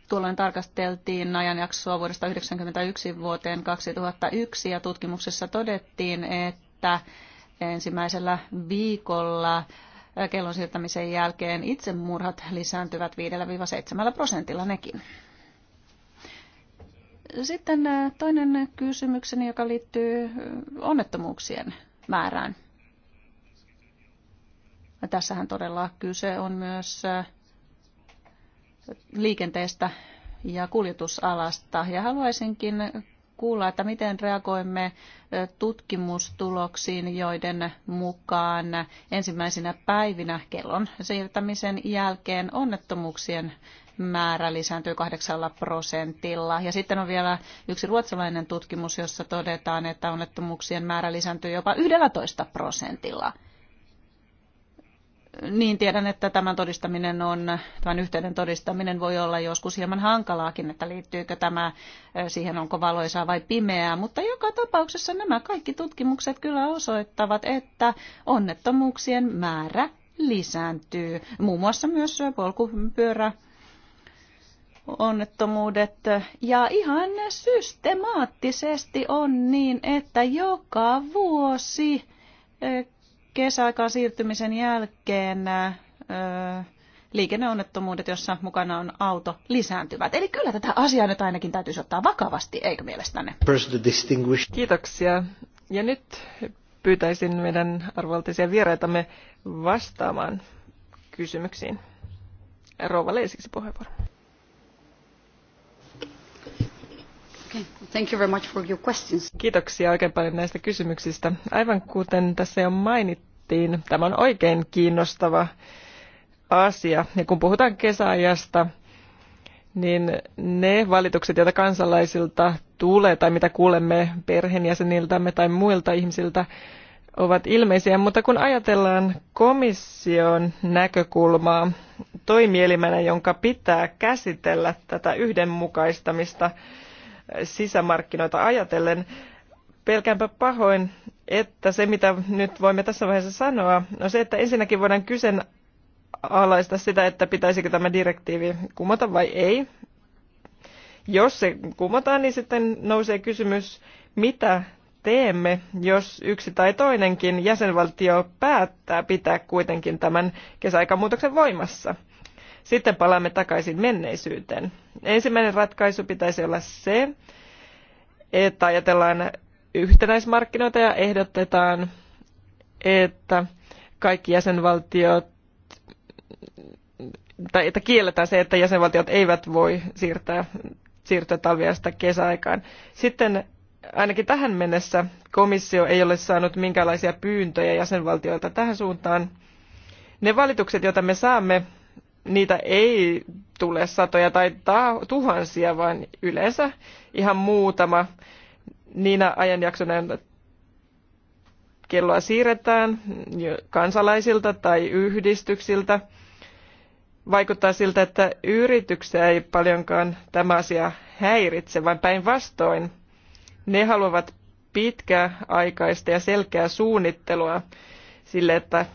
B: Tuolloin tarkasteltiin ajanjaksoa vuodesta 1991 vuoteen 2001 ja tutkimuksessa todettiin, että ensimmäisellä viikolla kellon siirtämisen jälkeen itsemurhat lisääntyvät 5-7 prosentilla nekin. Sitten toinen kysymykseni, joka liittyy onnettomuuksien määrään. Tässähän todella kyse on myös liikenteestä ja kuljetusalasta. Ja haluaisinkin kuulla, että miten reagoimme tutkimustuloksiin, joiden mukaan ensimmäisinä päivinä kellon siirtämisen jälkeen onnettomuuksien määrä lisääntyy kahdeksalla prosentilla. Ja sitten on vielä yksi ruotsalainen tutkimus, jossa todetaan, että onnettomuuksien määrä lisääntyy jopa 11 prosentilla – niin tiedän, että tämän todistaminen on, tämän yhteyden todistaminen voi olla joskus hieman hankalaakin, että liittyykö tämä siihen, onko valoisaa vai pimeää, mutta joka tapauksessa nämä kaikki tutkimukset kyllä osoittavat, että onnettomuuksien määrä lisääntyy, muun muassa myös polkupyörä onnettomuudet. Ja ihan systemaattisesti on niin, että joka vuosi kesäaikaan siirtymisen jälkeen liikenneonnettomuudet, jossa mukana on auto, lisääntyvät. Eli kyllä tätä asiaa nyt ainakin täytyisi ottaa vakavasti, eikö
A: mielestänne? Kiitoksia. Ja nyt pyytäisin meidän arvoiltaisia vieraitamme vastaamaan kysymyksiin. Rouva Leisiksi puheenvuoro. Kiitoksia oikein paljon näistä kysymyksistä. Aivan kuten tässä jo mainittiin, tämä on oikein kiinnostava asia. Ja kun puhutaan kesäajasta, niin ne valitukset, joita kansalaisilta tulee tai mitä kuulemme perheenjäseniltämme tai muilta ihmisiltä, ovat ilmeisiä, mutta kun ajatellaan komission näkökulmaa toimielimenä, jonka pitää käsitellä tätä yhdenmukaistamista, sisämarkkinoita ajatellen. Pelkäänpä pahoin, että se mitä nyt voimme tässä vaiheessa sanoa, on se, että ensinnäkin voidaan kyseenalaista sitä, että pitäisikö tämä direktiivi kumota vai ei. Jos se kumotaan, niin sitten nousee kysymys, mitä teemme, jos yksi tai toinenkin jäsenvaltio päättää pitää kuitenkin tämän kesäaikamuutoksen voimassa. Sitten palaamme takaisin menneisyyteen. Ensimmäinen ratkaisu pitäisi olla se, että ajatellaan yhtenäismarkkinoita ja ehdotetaan, että kaikki jäsenvaltiot tai että kielletään se, että jäsenvaltiot eivät voi siirtää, siirtyä talviasta kesäaikaan. Sitten ainakin tähän mennessä komissio ei ole saanut minkäänlaisia pyyntöjä jäsenvaltioilta tähän suuntaan. Ne valitukset, joita me saamme niitä ei tule satoja tai tuhansia, vaan yleensä ihan muutama. Niinä ajanjaksona kelloa siirretään kansalaisilta tai yhdistyksiltä. Vaikuttaa siltä, että yrityksiä ei paljonkaan tämä asia häiritse, vaan päinvastoin ne haluavat pitkäaikaista ja selkeää suunnittelua sille, että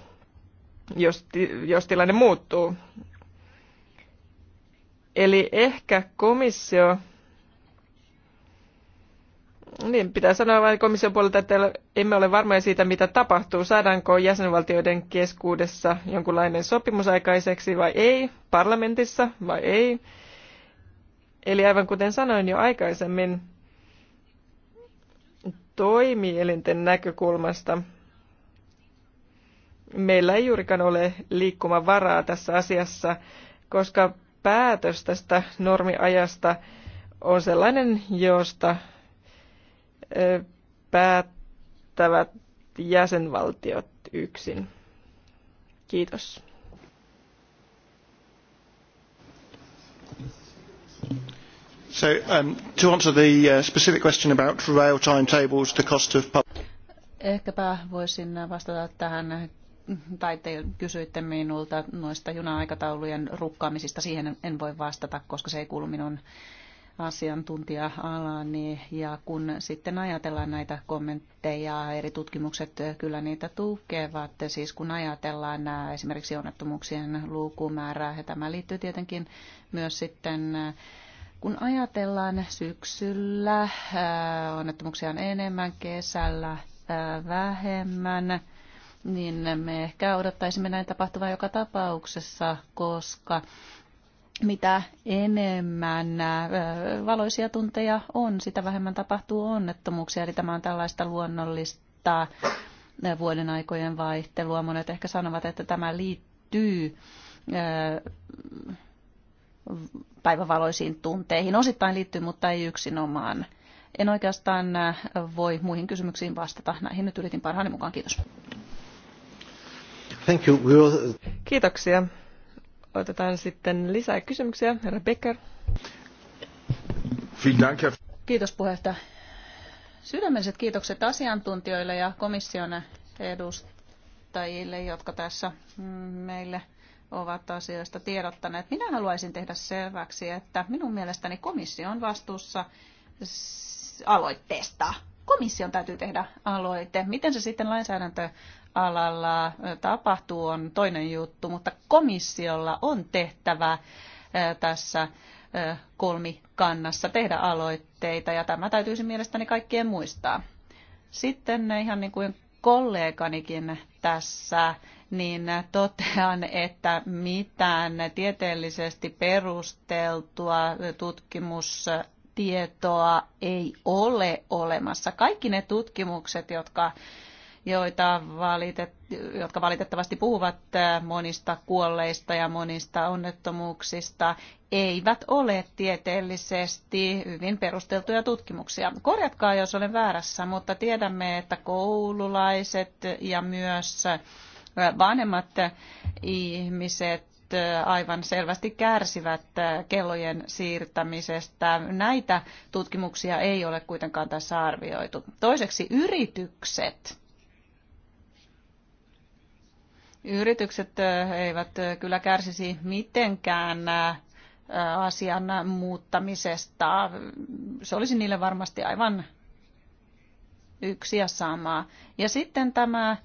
A: jos, jos tilanne muuttuu. Eli ehkä komissio, niin pitää sanoa vain komission puolelta, että emme ole varmoja siitä, mitä tapahtuu. Saadaanko jäsenvaltioiden keskuudessa jonkunlainen sopimus aikaiseksi vai ei, parlamentissa vai ei. Eli aivan kuten sanoin jo aikaisemmin, toimielinten näkökulmasta meillä ei juurikaan ole liikkumavaraa tässä asiassa, koska päätös tästä normiajasta on sellainen, josta päättävät jäsenvaltiot yksin. Kiitos. So, um, to answer the uh, specific question about rail timetables, the cost of public...
B: Ehkäpä voisin vastata tähän tai te kysyitte minulta noista juna-aikataulujen rukkaamisista, siihen en voi vastata, koska se ei kuulu minun asiantuntija-alaani. Ja kun sitten ajatellaan näitä kommentteja, eri tutkimukset kyllä niitä tukevat. Siis kun ajatellaan nämä esimerkiksi onnettomuuksien lukumäärää, ja tämä liittyy tietenkin myös sitten kun ajatellaan syksyllä, onnettomuuksia on enemmän, kesällä vähemmän, niin me ehkä odottaisimme näin tapahtuvan joka tapauksessa, koska mitä enemmän valoisia tunteja on, sitä vähemmän tapahtuu onnettomuuksia. Eli tämä on tällaista luonnollista vuoden aikojen vaihtelua. Monet ehkä sanovat, että tämä liittyy päivävaloisiin tunteihin. Osittain liittyy, mutta ei yksinomaan. En oikeastaan voi muihin kysymyksiin vastata. Näihin nyt yritin parhaani mukaan. Kiitos.
A: Thank you. Will... Kiitoksia. Otetaan sitten lisää kysymyksiä. Herra Becker. Kiitos puheenjohtaja.
B: Sydämelliset kiitokset asiantuntijoille ja komission edustajille, jotka tässä mm, meille ovat asioista tiedottaneet. Minä haluaisin tehdä selväksi, että minun mielestäni komissio on vastuussa aloitteesta. Komission täytyy tehdä aloite. Miten se sitten lainsäädäntö alalla tapahtuu, on toinen juttu, mutta komissiolla on tehtävä tässä kolmikannassa tehdä aloitteita, ja tämä täytyisi mielestäni kaikkien muistaa. Sitten ihan niin kuin kolleganikin tässä, niin totean, että mitään tieteellisesti perusteltua tutkimustietoa ei ole olemassa. Kaikki ne tutkimukset, jotka joita valitet, jotka valitettavasti puhuvat äh, monista kuolleista ja monista onnettomuuksista, eivät ole tieteellisesti hyvin perusteltuja tutkimuksia. Korjatkaa, jos olen väärässä, mutta tiedämme, että koululaiset ja myös äh, vanhemmat ihmiset äh, aivan selvästi kärsivät kellojen siirtämisestä. Näitä tutkimuksia ei ole kuitenkaan tässä arvioitu. Toiseksi yritykset Yritykset eh, eivät eh, kyllä kärsisi mitenkään eh, asian muuttamisesta. Se olisi niille varmasti aivan yksi ja sama. Ja sitten tämä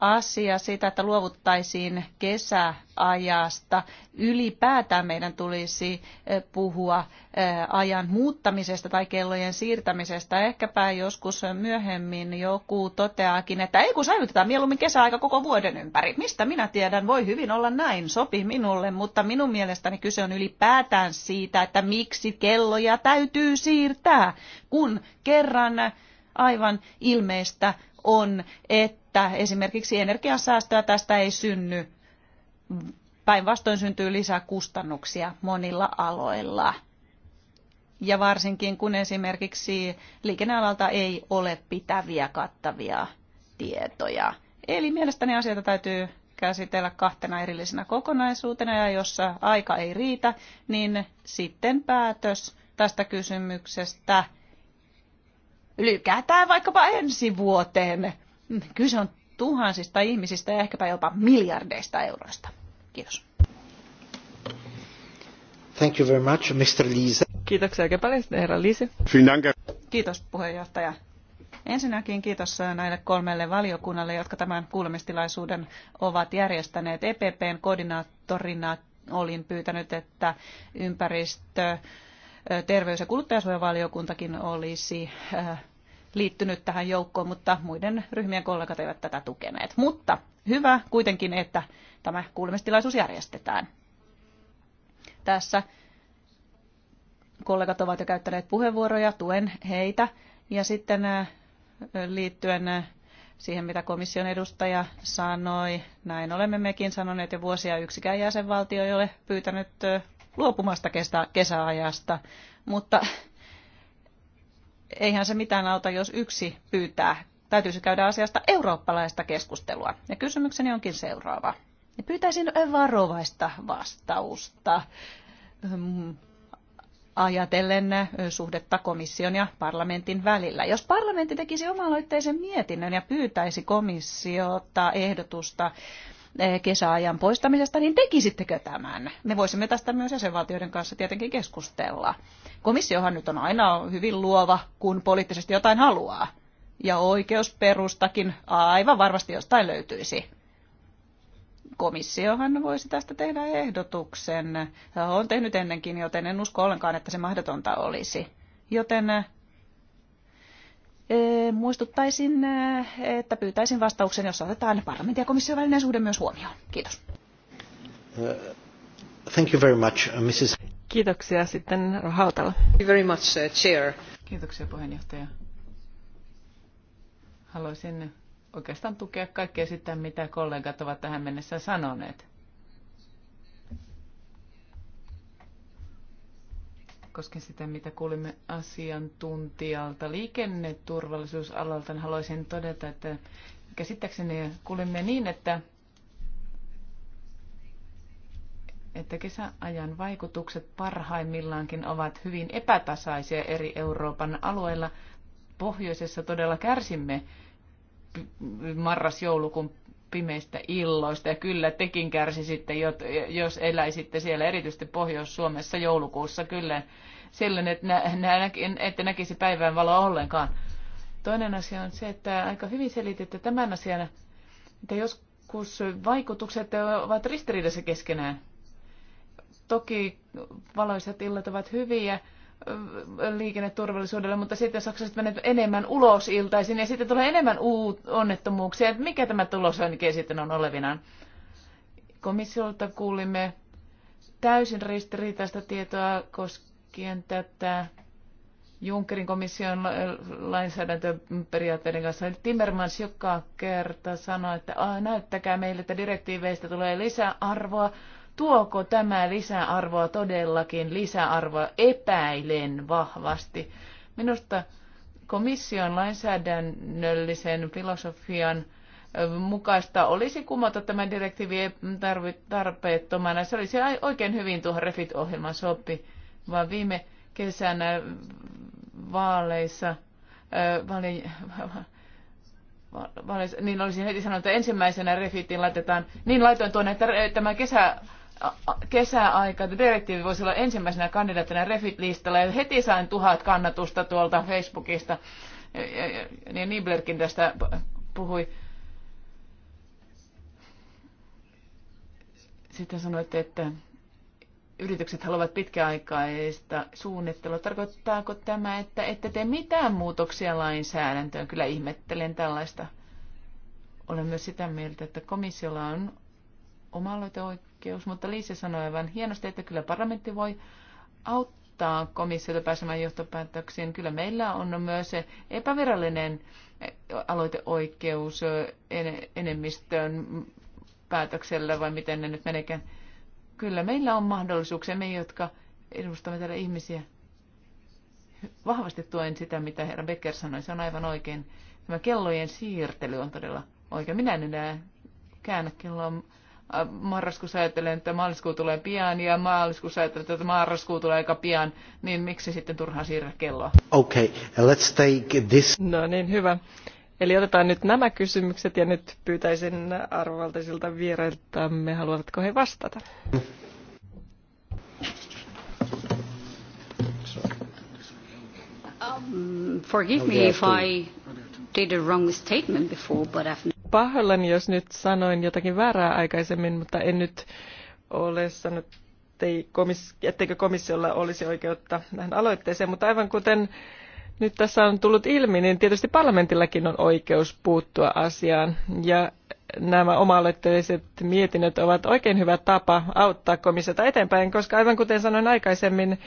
B: asia siitä, että luovuttaisiin kesäajasta. Ylipäätään meidän tulisi eh, puhua eh, ajan muuttamisesta tai kellojen siirtämisestä. Ehkäpä joskus myöhemmin joku toteaakin, että ei kun säilytetään mieluummin kesäaika koko vuoden ympäri. Mistä minä tiedän, voi hyvin olla näin, sopi minulle, mutta minun mielestäni kyse on ylipäätään siitä, että miksi kelloja täytyy siirtää, kun kerran aivan ilmeistä on, että että esimerkiksi energiansäästöä tästä ei synny. Päinvastoin syntyy lisää kustannuksia monilla aloilla. Ja varsinkin kun esimerkiksi liikennealalta ei ole pitäviä kattavia tietoja. Eli mielestäni asioita täytyy käsitellä kahtena erillisenä kokonaisuutena ja jos aika ei riitä, niin sitten päätös tästä kysymyksestä lykätään vaikkapa ensi vuoteen Kyse on tuhansista ihmisistä ja ehkäpä jopa miljardeista euroista. Kiitos.
A: Thank you very much, Mr. Lise.
B: Kiitoksia oikein paljon, herra Liise. Kiitos puheenjohtaja. Ensinnäkin kiitos näille kolmelle valiokunnalle, jotka tämän kuulemistilaisuuden ovat järjestäneet. EPPn koordinaattorina olin pyytänyt, että ympäristö, terveys- ja kuluttajasuojavaliokuntakin olisi äh, liittynyt tähän joukkoon, mutta muiden ryhmien kollegat eivät tätä tukeneet. Mutta hyvä kuitenkin, että tämä kuulemistilaisuus järjestetään. Tässä kollegat ovat jo käyttäneet puheenvuoroja, tuen heitä. Ja sitten äh, liittyen äh, siihen, mitä komission edustaja sanoi, näin olemme mekin sanoneet jo vuosia yksikään jäsenvaltio ei ole pyytänyt äh, luopumasta kesäajasta, mutta eihän se mitään auta, jos yksi pyytää. Täytyisi käydä asiasta eurooppalaista keskustelua. Ja kysymykseni onkin seuraava. Pyytäisin varovaista vastausta mm, ajatellen suhdetta komission ja parlamentin välillä. Jos parlamentti tekisi oma-aloitteisen mietinnön ja pyytäisi komissiota ehdotusta Eh, kesäajan poistamisesta, niin tekisittekö tämän? Me voisimme tästä myös jäsenvaltioiden kanssa tietenkin keskustella. Komissiohan nyt on aina hyvin luova, kun poliittisesti jotain haluaa. Ja oikeusperustakin aivan varmasti jostain löytyisi komissiohan voisi tästä tehdä ehdotuksen. On tehnyt ennenkin, joten en usko ollenkaan, että se mahdotonta olisi. Joten Muistuttaisin, että pyytäisin vastauksen, jos otetaan parlamentin ja komission välinen suhde myös huomioon. Kiitos. Uh, thank you very much, uh, Mrs.
C: Kiitoksia sitten Hautala. Thank you very much, uh, Chair. Kiitoksia puheenjohtaja. Haluaisin oikeastaan tukea kaikkea sitä, mitä kollegat ovat tähän mennessä sanoneet. koskien sitä, mitä kuulimme asiantuntijalta liikenneturvallisuusalalta, niin haluaisin todeta, että käsittääkseni kuulimme niin, että, että kesäajan vaikutukset parhaimmillaankin ovat hyvin epätasaisia eri Euroopan alueilla. Pohjoisessa todella kärsimme marras-joulukuun pimeistä illoista. Ja kyllä tekin kärsisitte, jos eläisitte siellä, erityisesti Pohjois-Suomessa joulukuussa. Kyllä silloin, että nä, ette näkisi päivän valoa ollenkaan. Toinen asia on se, että aika hyvin selititte tämän asian, että joskus vaikutukset ovat ristiriidassa keskenään. Toki valoisat illat ovat hyviä, liikenneturvallisuudelle, mutta sitten saksalaiset menevät enemmän ulos iltaisin ja sitten tulee enemmän uut onnettomuuksia. Että mikä tämä tulos ainakin sitten on olevinaan? Komissiolta kuulimme täysin ristiriitaista tietoa koskien tätä Junckerin komission lainsäädäntöperiaatteiden kanssa. Timmermans joka kerta sanoi, että näyttäkää meille, että direktiiveistä tulee lisää arvoa? Tuoko tämä lisäarvoa todellakin lisäarvoa? Epäilen vahvasti. Minusta komission lainsäädännöllisen filosofian mukaista olisi kumota tämä direktiivi tarpeettomana. Se olisi oikein hyvin tuohon REFIT-ohjelman sopi, vaan viime kesänä vaaleissa, vaali, vaaleissa niin olisin heti sanonut, että ensimmäisenä REFITin laitetaan, niin laitoin tuonne, että tämä kesä kesäaika, direktiivi voisi olla ensimmäisenä kandidaattina Refit-listalla ja heti sain tuhat kannatusta tuolta Facebookista. Niin Niblerkin tästä puhui. Sitten sanoitte, että yritykset haluavat pitkäaikaista suunnittelua. Tarkoittaako tämä, että ette tee mitään muutoksia lainsäädäntöön? Kyllä ihmettelen tällaista. Olen myös sitä mieltä, että komissiolla on oma oikeus, mutta Liise sanoi aivan hienosti, että kyllä parlamentti voi auttaa komissiota pääsemään johtopäätöksiin. Kyllä meillä on myös se epävirallinen aloiteoikeus enemmistön päätöksellä, vai miten ne nyt menekään. Kyllä meillä on mahdollisuuksia, me jotka edustamme täällä ihmisiä. Vahvasti tuen sitä, mitä herra Becker sanoi, se on aivan oikein. Tämä kellojen siirtely on todella oikein. Minä en enää käännä kelloa Äh, marraskuussa ajattelen, että maaliskuu tulee pian ja maaliskuussa ajattelen, että marraskuu tulee aika pian, niin miksi sitten turhaan siirrä kelloa?
A: Okay, uh, let's take this. No niin, hyvä. Eli otetaan nyt nämä kysymykset ja nyt pyytäisin arvovaltaisilta vierailtamme, haluavatko he vastata? Um, forgive me if I did a wrong statement before, but I've pahoillani, jos nyt sanoin jotakin väärää aikaisemmin, mutta en nyt ole sanonut, ettei komis, etteikö komissiolla olisi oikeutta tähän aloitteeseen, mutta aivan kuten nyt tässä on tullut ilmi, niin tietysti parlamentillakin on oikeus puuttua asiaan. Ja nämä oma-aloitteiset mietinnöt ovat oikein hyvä tapa auttaa komissiota eteenpäin, koska aivan kuten sanoin aikaisemmin,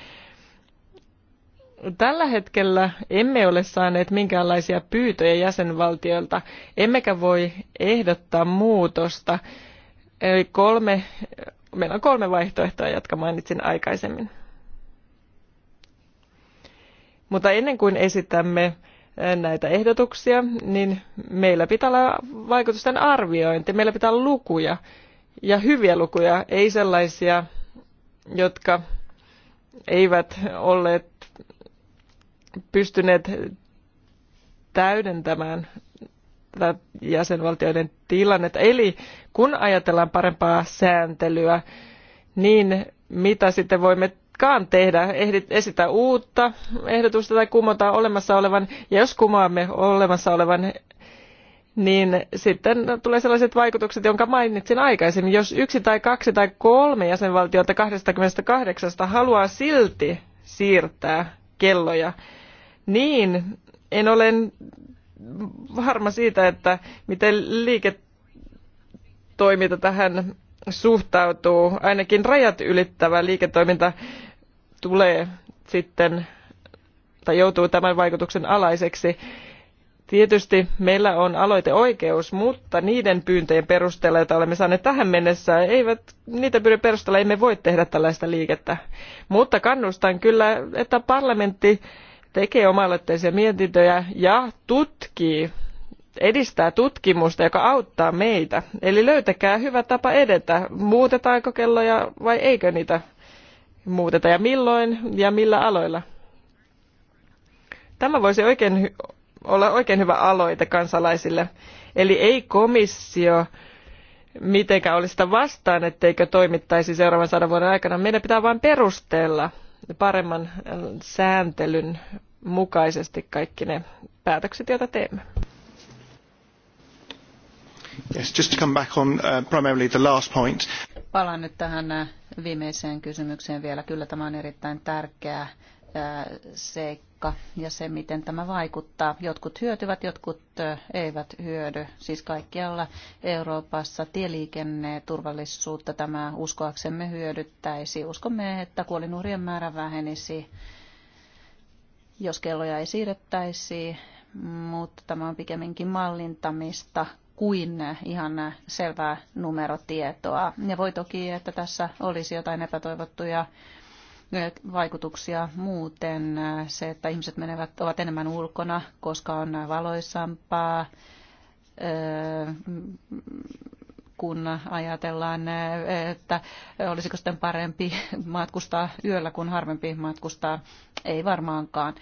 A: Tällä hetkellä emme ole saaneet minkäänlaisia pyytöjä jäsenvaltioilta, emmekä voi ehdottaa muutosta. Eli kolme, meillä on kolme vaihtoehtoa, jotka mainitsin aikaisemmin. Mutta ennen kuin esitämme eh, näitä ehdotuksia, niin meillä pitää olla vaikutusten arviointi, meillä pitää olla lukuja ja hyviä lukuja, ei sellaisia, jotka eivät olleet pystyneet täydentämään tätä jäsenvaltioiden tilannetta. Eli kun ajatellaan parempaa sääntelyä, niin mitä sitten voimme kaan tehdä? Ehdit esittää uutta ehdotusta tai kumota olemassa olevan. Ja jos kumoamme olemassa olevan, niin sitten tulee sellaiset vaikutukset, jonka mainitsin aikaisemmin. Jos yksi tai kaksi tai kolme jäsenvaltiota 28 haluaa silti siirtää kelloja, niin, en ole varma siitä, että miten liiketoiminta tähän suhtautuu. Ainakin rajat ylittävä liiketoiminta tulee sitten tai joutuu tämän vaikutuksen alaiseksi. Tietysti meillä on aloiteoikeus, mutta niiden pyyntöjen perusteella, joita olemme saaneet tähän mennessä, eivät, niitä pyyntöjen perusteella emme voi tehdä tällaista liikettä. Mutta kannustan kyllä, että parlamentti tekee oma mietintöjä ja tutkii, edistää tutkimusta, joka auttaa meitä. Eli löytäkää hyvä tapa edetä. Muutetaanko kelloja vai eikö niitä muuteta ja milloin ja millä aloilla? Tämä voisi oikein olla oikein hyvä aloite kansalaisille. Eli ei komissio mitenkään olisi sitä vastaan, etteikö toimittaisi seuraavan sadan vuoden aikana. Meidän pitää vain perustella – paremman äh, sääntelyn mukaisesti kaikki ne päätökset, joita teemme. Yes, just to come back on uh, primarily the last point.
B: Palaan nyt tähän äh, viimeiseen kysymykseen vielä. Kyllä tämä on erittäin tärkeää seikka ja se, miten tämä vaikuttaa. Jotkut hyötyvät, jotkut eivät hyödy. Siis kaikkialla Euroopassa turvallisuutta tämä uskoaksemme hyödyttäisi. Uskomme, että kuolinuhrien määrä vähenisi, jos kelloja ei siirrettäisi, mutta tämä on pikemminkin mallintamista kuin ihan selvää numerotietoa. Ja voi toki, että tässä olisi jotain epätoivottuja vaikutuksia muuten. Se, että ihmiset menevät, ovat enemmän ulkona, koska on valoisampaa, kun ajatellaan, että olisiko sitten parempi matkustaa yöllä kuin harvempi matkustaa, ei varmaankaan.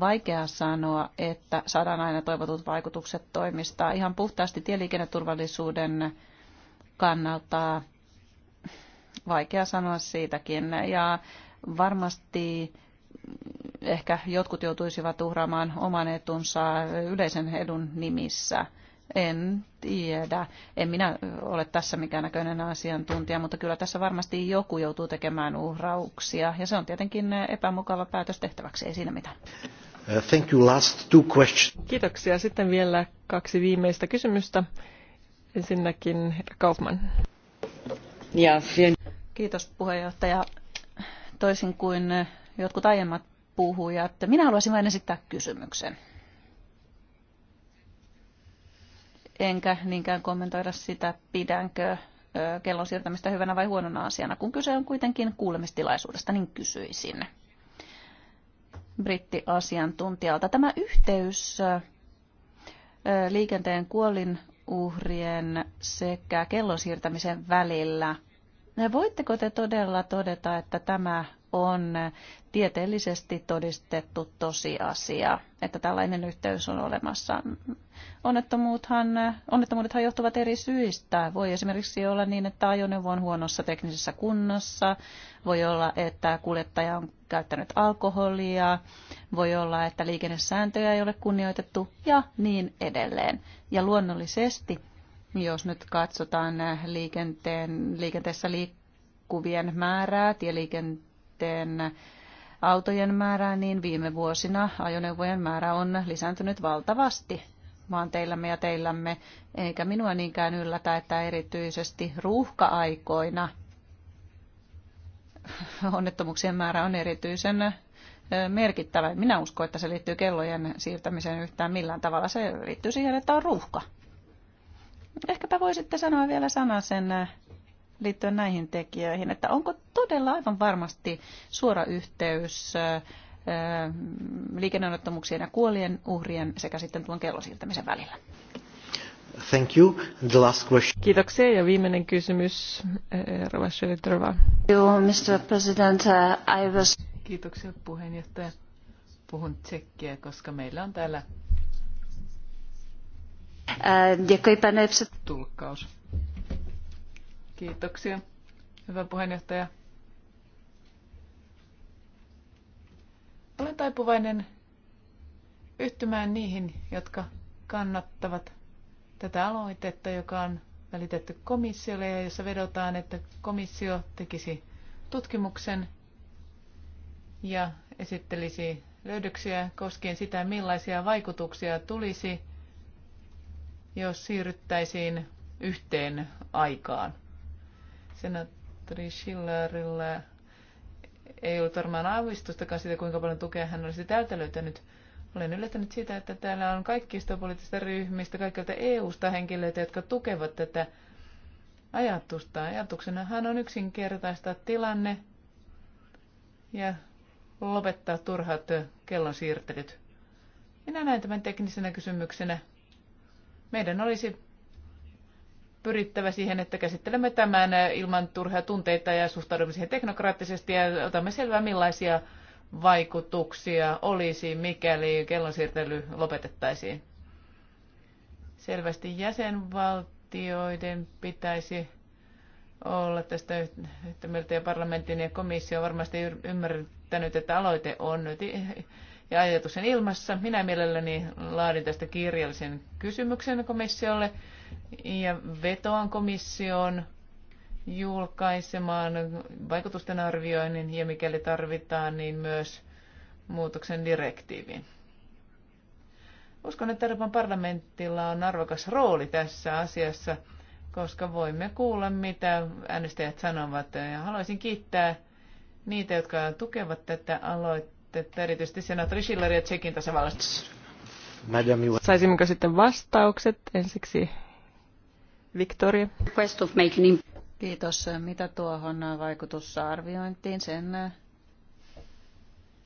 B: Vaikea sanoa, että saadaan aina toivotut vaikutukset toimista. Ihan puhtaasti tieliikenneturvallisuuden kannalta vaikea sanoa siitäkin. Ja Varmasti ehkä jotkut joutuisivat uhraamaan oman etunsa yleisen edun nimissä. En tiedä. En minä ole tässä mikään näköinen asiantuntija, mutta kyllä tässä varmasti joku joutuu tekemään uhrauksia. Ja se on tietenkin epämukava päätös tehtäväksi, ei siinä mitään.
A: Uh, thank you. Last two questions. Kiitoksia. Sitten vielä kaksi viimeistä kysymystä. Ensinnäkin Kaufman. Ja,
B: Kiitos puheenjohtaja toisin kuin jotkut aiemmat puhujat. Minä haluaisin vain esittää kysymyksen. Enkä niinkään kommentoida sitä, pidänkö kellon siirtämistä hyvänä vai huonona asiana. Kun kyse on kuitenkin kuulemistilaisuudesta, niin kysyisin brittiasiantuntijalta. Tämä yhteys liikenteen kuolinuhrien sekä kellon siirtämisen välillä – Voitteko te todella todeta, että tämä on tieteellisesti todistettu tosiasia, että tällainen yhteys on olemassa. Onnettomuuthan, onnettomuudethan johtuvat eri syistä. Voi esimerkiksi olla niin, että ajoneuvo on huonossa teknisessä kunnossa, voi olla, että kuljettaja on käyttänyt alkoholia, voi olla, että liikennesääntöjä ei ole kunnioitettu ja niin edelleen. Ja luonnollisesti jos nyt katsotaan eh, liikenteen, liikenteessä liikkuvien määrää, tieliikenteen autojen määrää, niin viime vuosina ajoneuvojen määrä on lisääntynyt valtavasti maan teillämme ja teillämme, eikä minua niinkään yllätä, että erityisesti ruuhka-aikoina onnettomuuksien määrä on erityisen eh, merkittävä. Minä uskon, että se liittyy kellojen siirtämiseen yhtään millään tavalla. Se liittyy siihen, että on ruuhka. Ehkäpä voisitte sanoa vielä sana sen äh, liittyen näihin tekijöihin, että onko todella aivan varmasti suora yhteys äh, äh, liikenneonnettomuuksien ja kuolien uhrien sekä sitten tuon kellon siirtämisen välillä?
A: Thank you. The last question. Kiitoksia ja viimeinen kysymys, Rova
C: Mr. President, I was... Kiitoksia puheenjohtaja. Puhun tsekkiä, koska meillä on täällä pane Tulkkaus. Kiitoksia. Hyvä puheenjohtaja. Olen taipuvainen yhtymään niihin, jotka kannattavat tätä aloitetta, joka on välitetty komissiolle ja jossa vedotaan, että komissio tekisi tutkimuksen ja esittelisi löydöksiä koskien sitä, millaisia vaikutuksia tulisi jos siirryttäisiin yhteen aikaan. Senaattori Schillerille ei ollut varmaan aavistustakaan siitä, kuinka paljon tukea hän olisi täältä löytänyt. Olen yllättänyt siitä, että täällä on kaikista poliittisista ryhmistä, kaikilta EU-sta henkilöitä, jotka tukevat tätä ajatusta. Ajatuksena hän on yksinkertaista tilanne ja lopettaa turhat kellon siirtelyt. Minä näen tämän teknisenä kysymyksenä. Meidän olisi pyrittävä siihen, että käsittelemme tämän ilman turhia tunteita ja suhtaudumme siihen teknokraattisesti ja otamme selvää, millaisia vaikutuksia olisi, mikäli kellonsiirtely lopetettaisiin. Selvästi jäsenvaltioiden pitäisi olla tästä yhtä mieltä ja parlamentin ja komissio on varmasti ymmärtänyt, että aloite on nyt ja sen ilmassa. Minä mielelläni laadin tästä kirjallisen kysymyksen komissiolle ja vetoan komissioon julkaisemaan vaikutusten arvioinnin ja mikäli tarvitaan, niin myös muutoksen direktiiviin. Uskon, että Euroopan parlamentilla on arvokas rooli tässä asiassa, koska voimme kuulla, mitä äänestäjät sanovat. Ja haluaisin kiittää niitä, jotka tukevat tätä aloitetta että erityisesti senaattori Schiller ja Tsekin tasavallasta.
A: Saisimmeko sitten vastaukset ensiksi?
B: Victoria. Kiitos. Mitä tuohon vaikutusarviointiin, sen äh,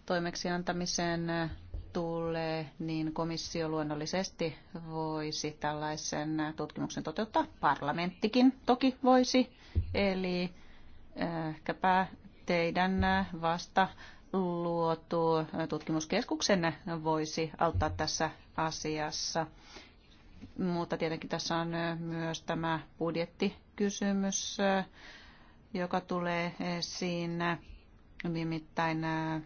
B: toimeksiantamiseen äh, tulee, niin komissio luonnollisesti voisi tällaisen äh, tutkimuksen toteuttaa. Parlamenttikin toki voisi. Eli ehkäpä teidän vasta luotu tutkimuskeskuksen voisi auttaa tässä asiassa. Mutta tietenkin tässä on myös tämä budjettikysymys, joka tulee esiin. Nimittäin äh,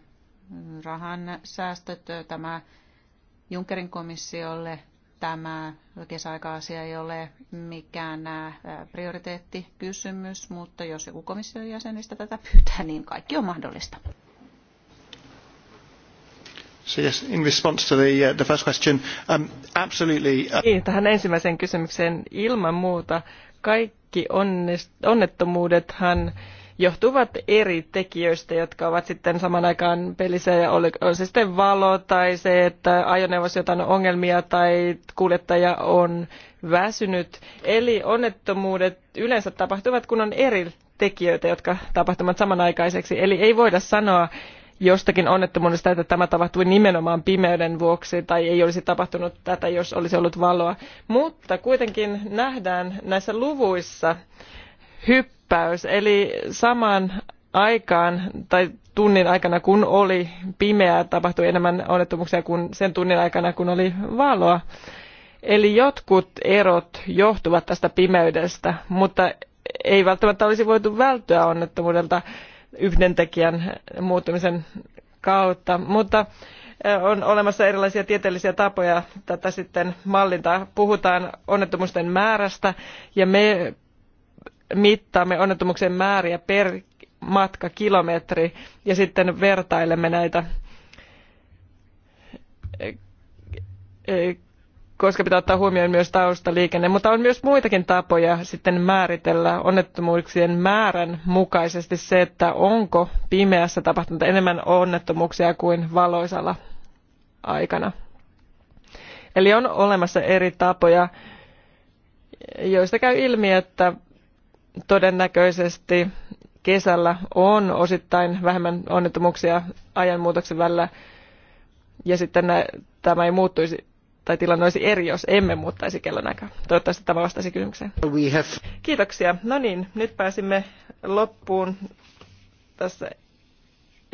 B: rahan säästöt, äh, tämä Junckerin komissiolle tämä kesäaika-asia ei ole mikään äh, prioriteettikysymys, mutta jos joku komission jäsenistä tätä pyytää, niin
A: kaikki on mahdollista tähän ensimmäiseen kysymykseen ilman muuta kaikki onnettomuudet onnettomuudethan johtuvat eri tekijöistä, jotka ovat sitten saman aikaan pelissä, ja on se sitten valo tai se, että ajoneuvossa jotain ongelmia tai kuljettaja on väsynyt. Eli onnettomuudet yleensä tapahtuvat, kun on eri tekijöitä, jotka tapahtuvat samanaikaisesti. Eli ei voida sanoa, jostakin onnettomuudesta, että tämä tapahtui nimenomaan pimeyden vuoksi tai ei olisi tapahtunut tätä, jos olisi ollut valoa. Mutta kuitenkin nähdään näissä luvuissa hyppäys, eli samaan aikaan tai tunnin aikana, kun oli pimeää, tapahtui enemmän onnettomuuksia kuin sen tunnin aikana, kun oli valoa. Eli jotkut erot johtuvat tästä pimeydestä, mutta ei välttämättä olisi voitu välttyä onnettomuudelta yhden tekijän muuttumisen kautta. Mutta on olemassa erilaisia tieteellisiä tapoja tätä sitten mallintaa. Puhutaan onnettomuusten määrästä ja me mittaamme onnettomuuksien määriä per matkakilometri ja sitten vertailemme näitä koska pitää ottaa huomioon myös taustaliikenne, mutta on myös muitakin tapoja sitten määritellä onnettomuuksien määrän mukaisesti se, että onko pimeässä tapahtunut enemmän onnettomuuksia kuin valoisalla aikana. Eli on olemassa eri tapoja, joista käy ilmi, että todennäköisesti kesällä on osittain vähemmän onnettomuuksia ajanmuutoksen välillä ja sitten tämä ei muuttuisi tai tilanne olisi eri, jos emme muuttaisi kellonaikaa. Toivottavasti tämä vastasi kysymykseen. Have... Kiitoksia. No niin, nyt pääsimme loppuun tässä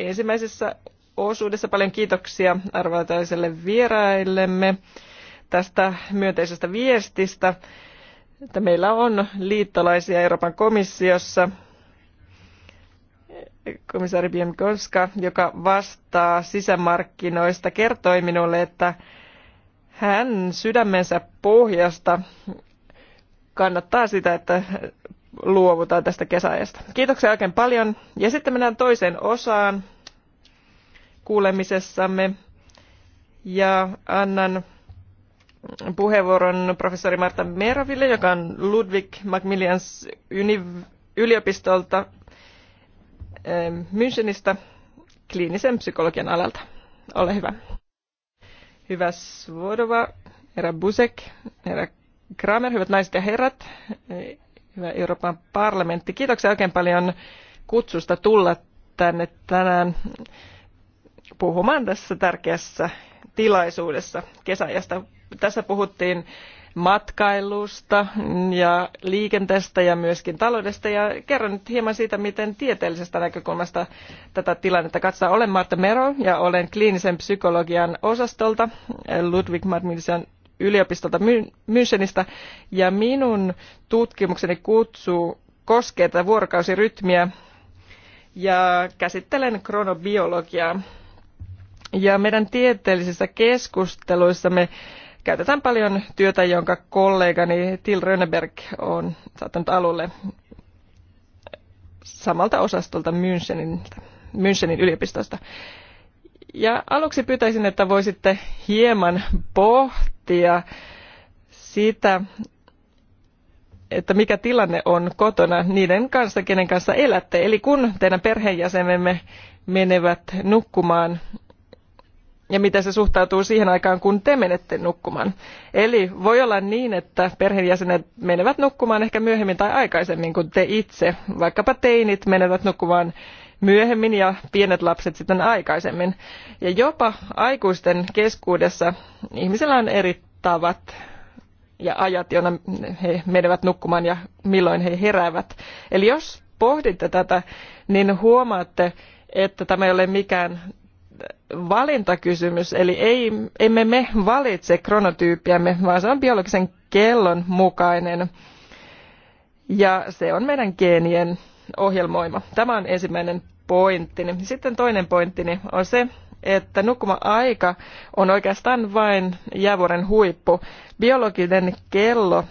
A: ensimmäisessä osuudessa. Paljon kiitoksia arvoitaiselle vieraillemme tästä myönteisestä viestistä, että meillä on liittolaisia Euroopan komissiossa, komissaari Biemkonska, joka vastaa sisämarkkinoista, kertoi minulle, että hän sydämensä pohjasta kannattaa sitä, että luovutaan tästä kesäajasta. Kiitoksia oikein paljon. Ja sitten mennään toiseen osaan kuulemisessamme. Ja annan puheenvuoron professori Marta Meraville, joka on Ludwig Macmillans yliopistolta eh, Münchenistä kliinisen psykologian alalta. Ole hyvä hyvä Svorova, herra Busek, herra Kramer, hyvät naiset ja herrat, hyvä Euroopan parlamentti. Kiitoksia oikein paljon kutsusta tulla tänne tänään puhumaan tässä tärkeässä tilaisuudessa kesäajasta. Tässä puhuttiin matkailusta ja liikenteestä ja myöskin taloudesta. Ja kerron nyt hieman siitä, miten tieteellisestä näkökulmasta tätä tilannetta katsotaan. Olen Marta Mero ja olen kliinisen psykologian osastolta Ludwig Marmilisen yliopistolta Münchenistä. Ja minun tutkimukseni kutsuu koskee tätä vuorokausirytmiä ja käsittelen kronobiologiaa. Ja meidän tieteellisissä keskusteluissamme käytetään paljon työtä, jonka kollegani Till Rönneberg on saattanut alulle samalta osastolta Münchenin, Münchenin yliopistosta. Ja aluksi pyytäisin, että voisitte hieman pohtia sitä, että mikä tilanne on kotona niiden kanssa, kenen kanssa elätte. Eli kun teidän perheenjäsenemme menevät nukkumaan, ja miten se suhtautuu siihen aikaan, kun te menette nukkumaan. Eli voi olla niin, että perheenjäsenet menevät nukkumaan ehkä myöhemmin tai aikaisemmin kuin te itse. Vaikkapa teinit menevät nukkumaan myöhemmin ja pienet lapset sitten aikaisemmin. Ja jopa aikuisten keskuudessa ihmisillä on eri tavat ja ajat, joina he menevät nukkumaan ja milloin he heräävät. Eli jos pohditte tätä, niin huomaatte, että tämä ei ole mikään valintakysymys, eli ei, emme me valitse kronotyyppiämme, vaan se on biologisen kellon mukainen ja se on meidän geenien ohjelmoima. Tämä on ensimmäinen pointtini. Sitten toinen pointtini on se, että nukkuma-aika on oikeastaan vain jäävuoren huippu. Biologinen kello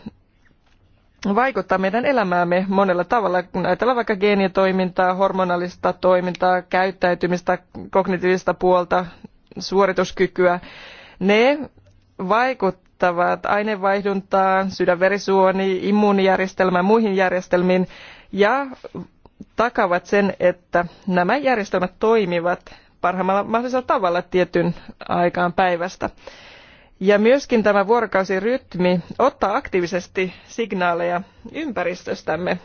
A: vaikuttaa meidän elämäämme monella tavalla, kun ajatellaan vaikka geenitoimintaa, hormonaalista toimintaa, käyttäytymistä, kognitiivista puolta, suorituskykyä. Ne vaikuttavat aineenvaihduntaan, sydänverisuoni, immuunijärjestelmään, muihin järjestelmiin ja takavat sen, että nämä järjestelmät toimivat parhaimmalla mahdollisella tavalla tietyn aikaan päivästä. Ja myöskin tämä vuorokausirytmi ottaa aktiivisesti signaaleja ympäristöstämme äh,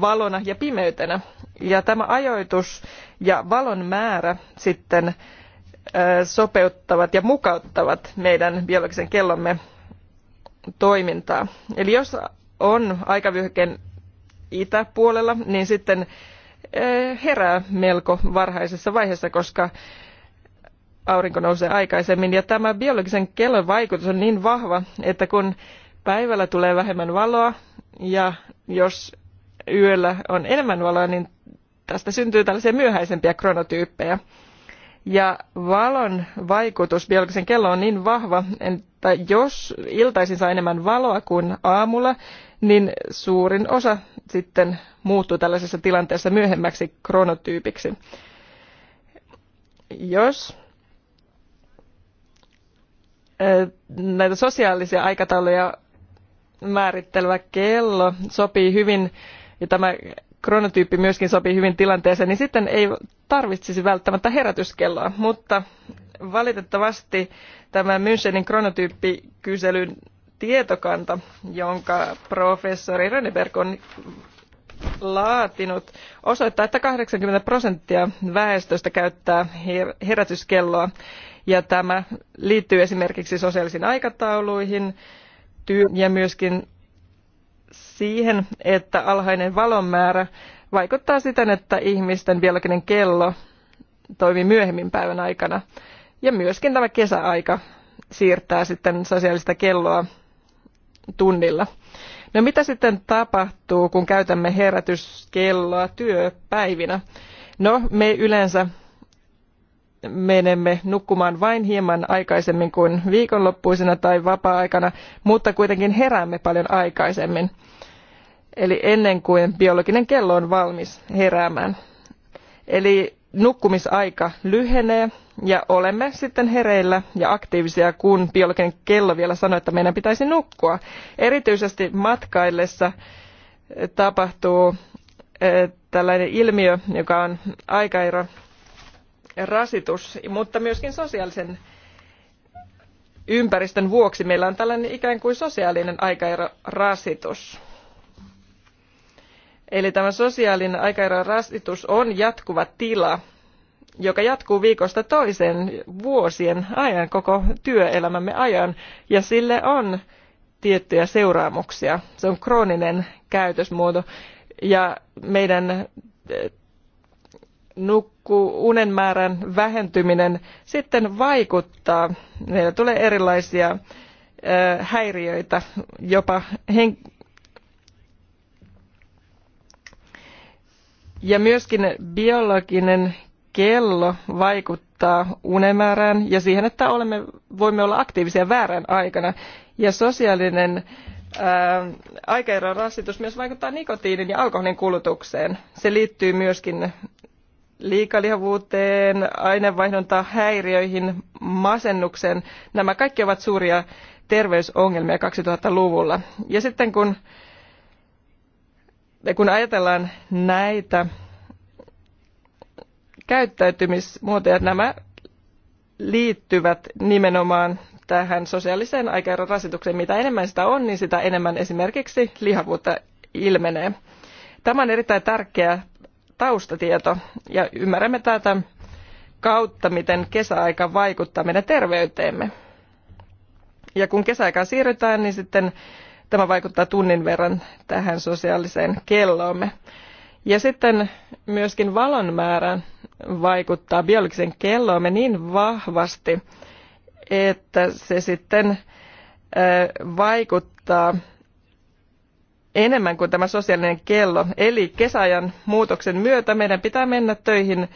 A: valona ja pimeytenä. Ja tämä ajoitus ja valon määrä sitten äh, sopeuttavat ja mukauttavat meidän biologisen kellomme toimintaa. Eli jos on aikavyöhykkeen itäpuolella, niin sitten äh, herää melko varhaisessa vaiheessa, koska aurinko nousee aikaisemmin. Ja tämä biologisen kellon vaikutus on niin vahva, että kun päivällä tulee vähemmän valoa ja jos yöllä on enemmän valoa, niin tästä syntyy tällaisia myöhäisempiä kronotyyppejä. Ja valon vaikutus biologisen kello on niin vahva, että jos iltaisin saa enemmän valoa kuin aamulla, niin suurin osa sitten muuttuu tällaisessa tilanteessa myöhemmäksi kronotyypiksi. Jos näitä sosiaalisia aikatauluja määrittelevä kello sopii hyvin ja tämä kronotyyppi myöskin sopii hyvin tilanteeseen, niin sitten ei tarvitsisi välttämättä herätyskelloa. Mutta valitettavasti tämä Münchenin kronotyyppikyselyn tietokanta, jonka professori Rönneberg on laatinut, osoittaa, että 80 prosenttia väestöstä käyttää herätyskelloa ja tämä liittyy esimerkiksi sosiaalisiin aikatauluihin ja myöskin siihen, että alhainen valon määrä vaikuttaa siten, että ihmisten biologinen kello toimii myöhemmin päivän aikana. Ja myöskin tämä kesäaika siirtää sitten sosiaalista kelloa tunnilla. No mitä sitten tapahtuu, kun käytämme herätyskelloa työpäivinä? No me yleensä menemme nukkumaan vain hieman aikaisemmin kuin viikonloppuisena tai vapaa-aikana, mutta kuitenkin heräämme paljon aikaisemmin. Eli ennen kuin biologinen kello on valmis heräämään. Eli nukkumisaika lyhenee ja olemme sitten hereillä ja aktiivisia, kun biologinen kello vielä sanoo, että meidän pitäisi nukkua. Erityisesti matkaillessa tapahtuu eh, tällainen ilmiö, joka on aikaero rasitus, mutta myöskin sosiaalisen ympäristön vuoksi meillä on tällainen ikään kuin sosiaalinen aikaerorasitus. Eli tämä sosiaalinen aikaerorasitus on jatkuva tila, joka jatkuu viikosta toiseen vuosien ajan, koko työelämämme ajan, ja sille on tiettyjä seuraamuksia. Se on krooninen käytösmuoto, ja meidän nukku, unen määrän vähentyminen sitten vaikuttaa. Meillä tulee erilaisia häiriöitä, jopa hen... Ja myöskin biologinen kello vaikuttaa unemäärään ja siihen, että olemme, voimme olla aktiivisia väärän aikana. Ja sosiaalinen aikaeron rasitus myös vaikuttaa nikotiinin ja alkoholin kulutukseen. Se liittyy myöskin liikalihavuuteen, aineenvaihdunta häiriöihin, masennukseen. Nämä kaikki ovat suuria terveysongelmia 2000-luvulla. Ja sitten kun, kun ajatellaan näitä käyttäytymismuotoja, nämä liittyvät nimenomaan tähän sosiaaliseen aikaeron rasitukseen. Mitä enemmän sitä on, niin sitä enemmän esimerkiksi lihavuutta ilmenee. Tämä on erittäin tärkeä taustatieto ja ymmärrämme tätä kautta, miten kesäaika vaikuttaa meidän terveyteemme. Ja kun kesäaikaan siirrytään, niin sitten tämä vaikuttaa tunnin verran tähän sosiaaliseen kelloomme. Ja sitten myöskin valon määrä vaikuttaa biologisen kelloomme niin vahvasti, että se sitten vaikuttaa enemmän kuin tämä sosiaalinen kello. Eli kesäajan muutoksen myötä meidän pitää mennä töihin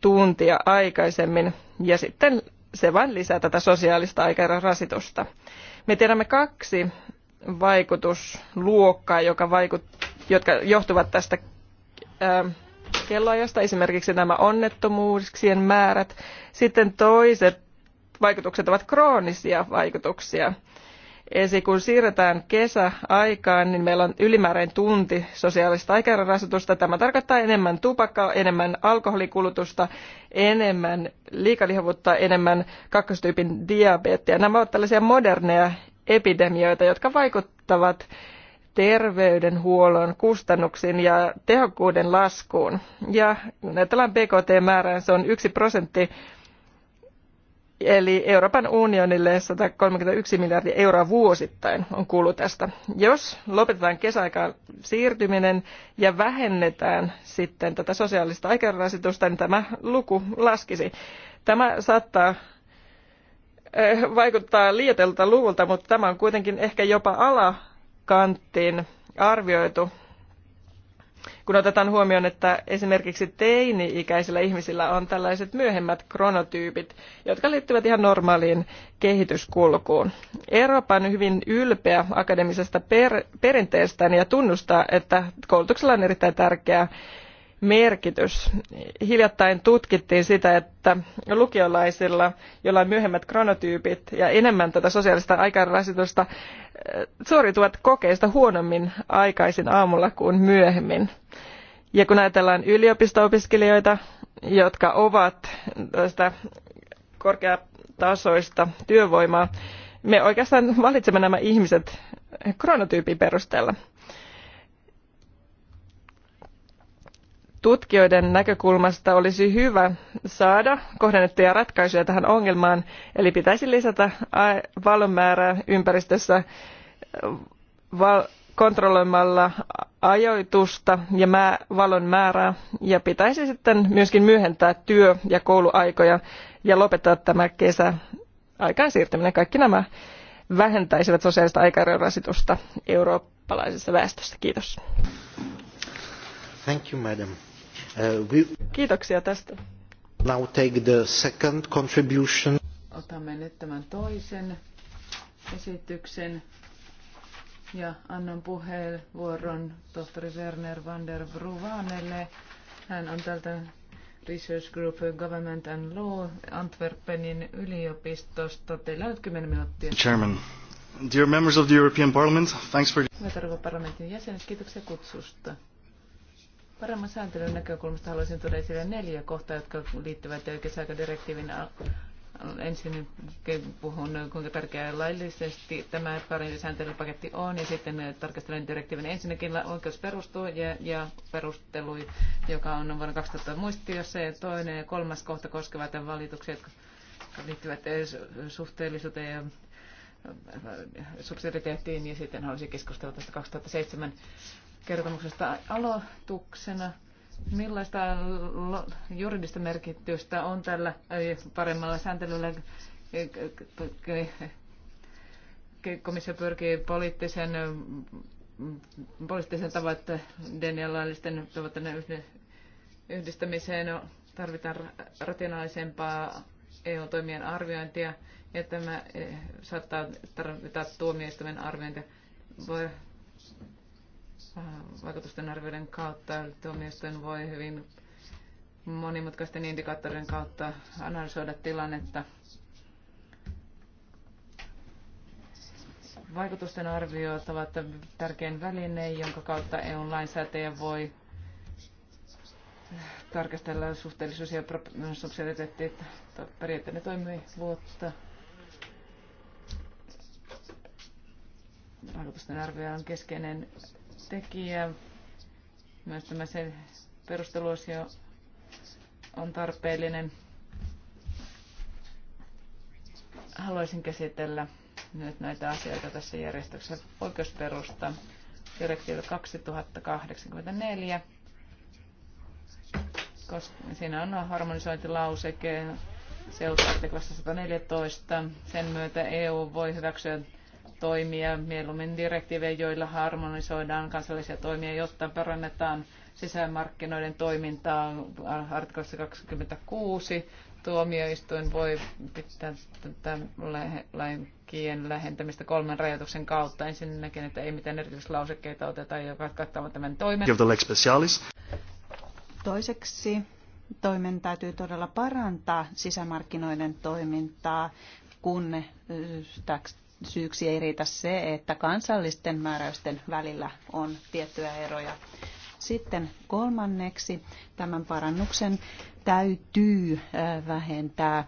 A: tuntia aikaisemmin ja sitten se vain lisää tätä sosiaalista aikarasitusta. Me tiedämme kaksi vaikutusluokkaa, joka vaikut, jotka johtuvat tästä ää, ähm, kelloajasta, esimerkiksi nämä onnettomuuksien määrät. Sitten toiset vaikutukset ovat kroonisia vaikutuksia. Ensin kun siirretään kesäaikaan, niin meillä on ylimääräinen tunti sosiaalista aikarasitusta. Tämä tarkoittaa enemmän tupakkaa, enemmän alkoholikulutusta, enemmän liikalihavuutta, enemmän kakkostyypin diabeettia. Nämä ovat tällaisia moderneja epidemioita, jotka vaikuttavat terveydenhuollon kustannuksiin ja tehokkuuden laskuun. Ja kun ajatellaan BKT-määrään, se on yksi prosentti Eli Euroopan unionille 131 miljardia euroa vuosittain on kulu tästä. Jos lopetetaan kesäaikaan siirtyminen ja vähennetään sitten tätä sosiaalista aikarasitusta, niin tämä luku laskisi. Tämä saattaa eh, vaikuttaa liioitelta luvulta, mutta tämä on kuitenkin ehkä jopa alakanttiin arvioitu kun otetaan huomioon, että esimerkiksi teini-ikäisillä ihmisillä on tällaiset myöhemmät kronotyypit, jotka liittyvät ihan normaaliin kehityskulkuun. Eurooppa on hyvin ylpeä akademisesta per- perinteestään ja tunnustaa, että koulutuksella on erittäin tärkeää merkitys. Hiljattain tutkittiin sitä, että lukiolaisilla, joilla on myöhemmät kronotyypit ja enemmän tätä sosiaalista aikarasitusta, eh, suorituvat kokeista huonommin aikaisin aamulla kuin myöhemmin. Ja kun ajatellaan yliopisto-opiskelijoita, jotka ovat tästä korkeatasoista työvoimaa, me oikeastaan valitsemme nämä ihmiset kronotyypin perusteella tutkijoiden näkökulmasta olisi hyvä saada kohdennettuja ratkaisuja tähän ongelmaan, eli pitäisi lisätä valon määrää ympäristössä kontrolloimalla ajoitusta ja valon määrää ja pitäisi sitten myöskin myöhentää työ- ja kouluaikoja ja lopettaa tämä kesä aikaan siirtyminen. Kaikki nämä vähentäisivät sosiaalista aikarajarasitusta eurooppalaisessa väestössä. Kiitos. Thank you, madam. Uh, kiitoksia tästä.
B: Now take the second contribution.
C: Otamme nyt tämän toisen esityksen ja annan puheenvuoron tohtori Werner van der Bruvanelle. Hän on tältä Research Group Government and Law Antwerpenin yliopistosta. Teillä on 10 minuuttia. Chairman,
B: dear members of the European Parliament, thanks
C: for... parlamentin jäsenet, kiitoksia kutsusta. Paremman sääntelyn näkökulmasta haluaisin tuoda esille neljä kohtaa, jotka liittyvät oikeusaikadirektiivin ensin puhun, kuinka tärkeää laillisesti tämä parin sääntelypaketti on, ja sitten tarkastelen direktiivin ensinnäkin oikeus perustuu ja, ja perustelu, joka on vuonna 2000 muistiossa, ja toinen ja kolmas kohta koskevat valituksia, jotka liittyvät suhteellisuuteen ja subsidiariteettiin, ja sitten haluaisin keskustella tästä 2007 kertomuksesta aloituksena. Millaista juridista merkitystä on tällä paremmalla sääntelyllä? Komissio pyrkii poliittisen, poliittisen tavoitteiden ja laillisten tavoitteiden yhdistämiseen. Tarvitaan rationaalisempaa EU-toimien arviointia ja tämä e, saattaa tarvita tuomioistuimen arviointia. Voi vaikutusten arvioiden kautta tuomioistuin voi hyvin monimutkaisten indikaattorien kautta analysoida tilannetta. Vaikutusten arviot ovat tärkein väline, jonka kautta EUn lainsäätäjä voi tarkastella suhteellisuus- ja toimii vuotta. Vaikutusten arvio on keskeinen tekijä. Myös tämä se perusteluosio on tarpeellinen. Haluaisin käsitellä nyt näitä asioita tässä järjestyksessä oikeusperusta. Direktiivi 2084. Koska siinä on harmonisointilauseke seutuartiklassa 114. Sen myötä EU voi hyväksyä toimia, mieluummin direktiivejä, joilla harmonisoidaan kansallisia toimia, jotta parannetaan sisämarkkinoiden toimintaa artiklassa 26. Tuomioistuin voi pitää tätä laikien lähentämistä kolmen rajoituksen kautta. Ensinnäkin, että ei mitään erityislausekkeita oteta, joka kattavat tämän toimen.
B: Toiseksi toimen täytyy todella parantaa sisämarkkinoiden toimintaa, kun syyksi ei riitä se, että kansallisten määräysten välillä on tiettyjä eroja. Sitten kolmanneksi tämän parannuksen täytyy vähentää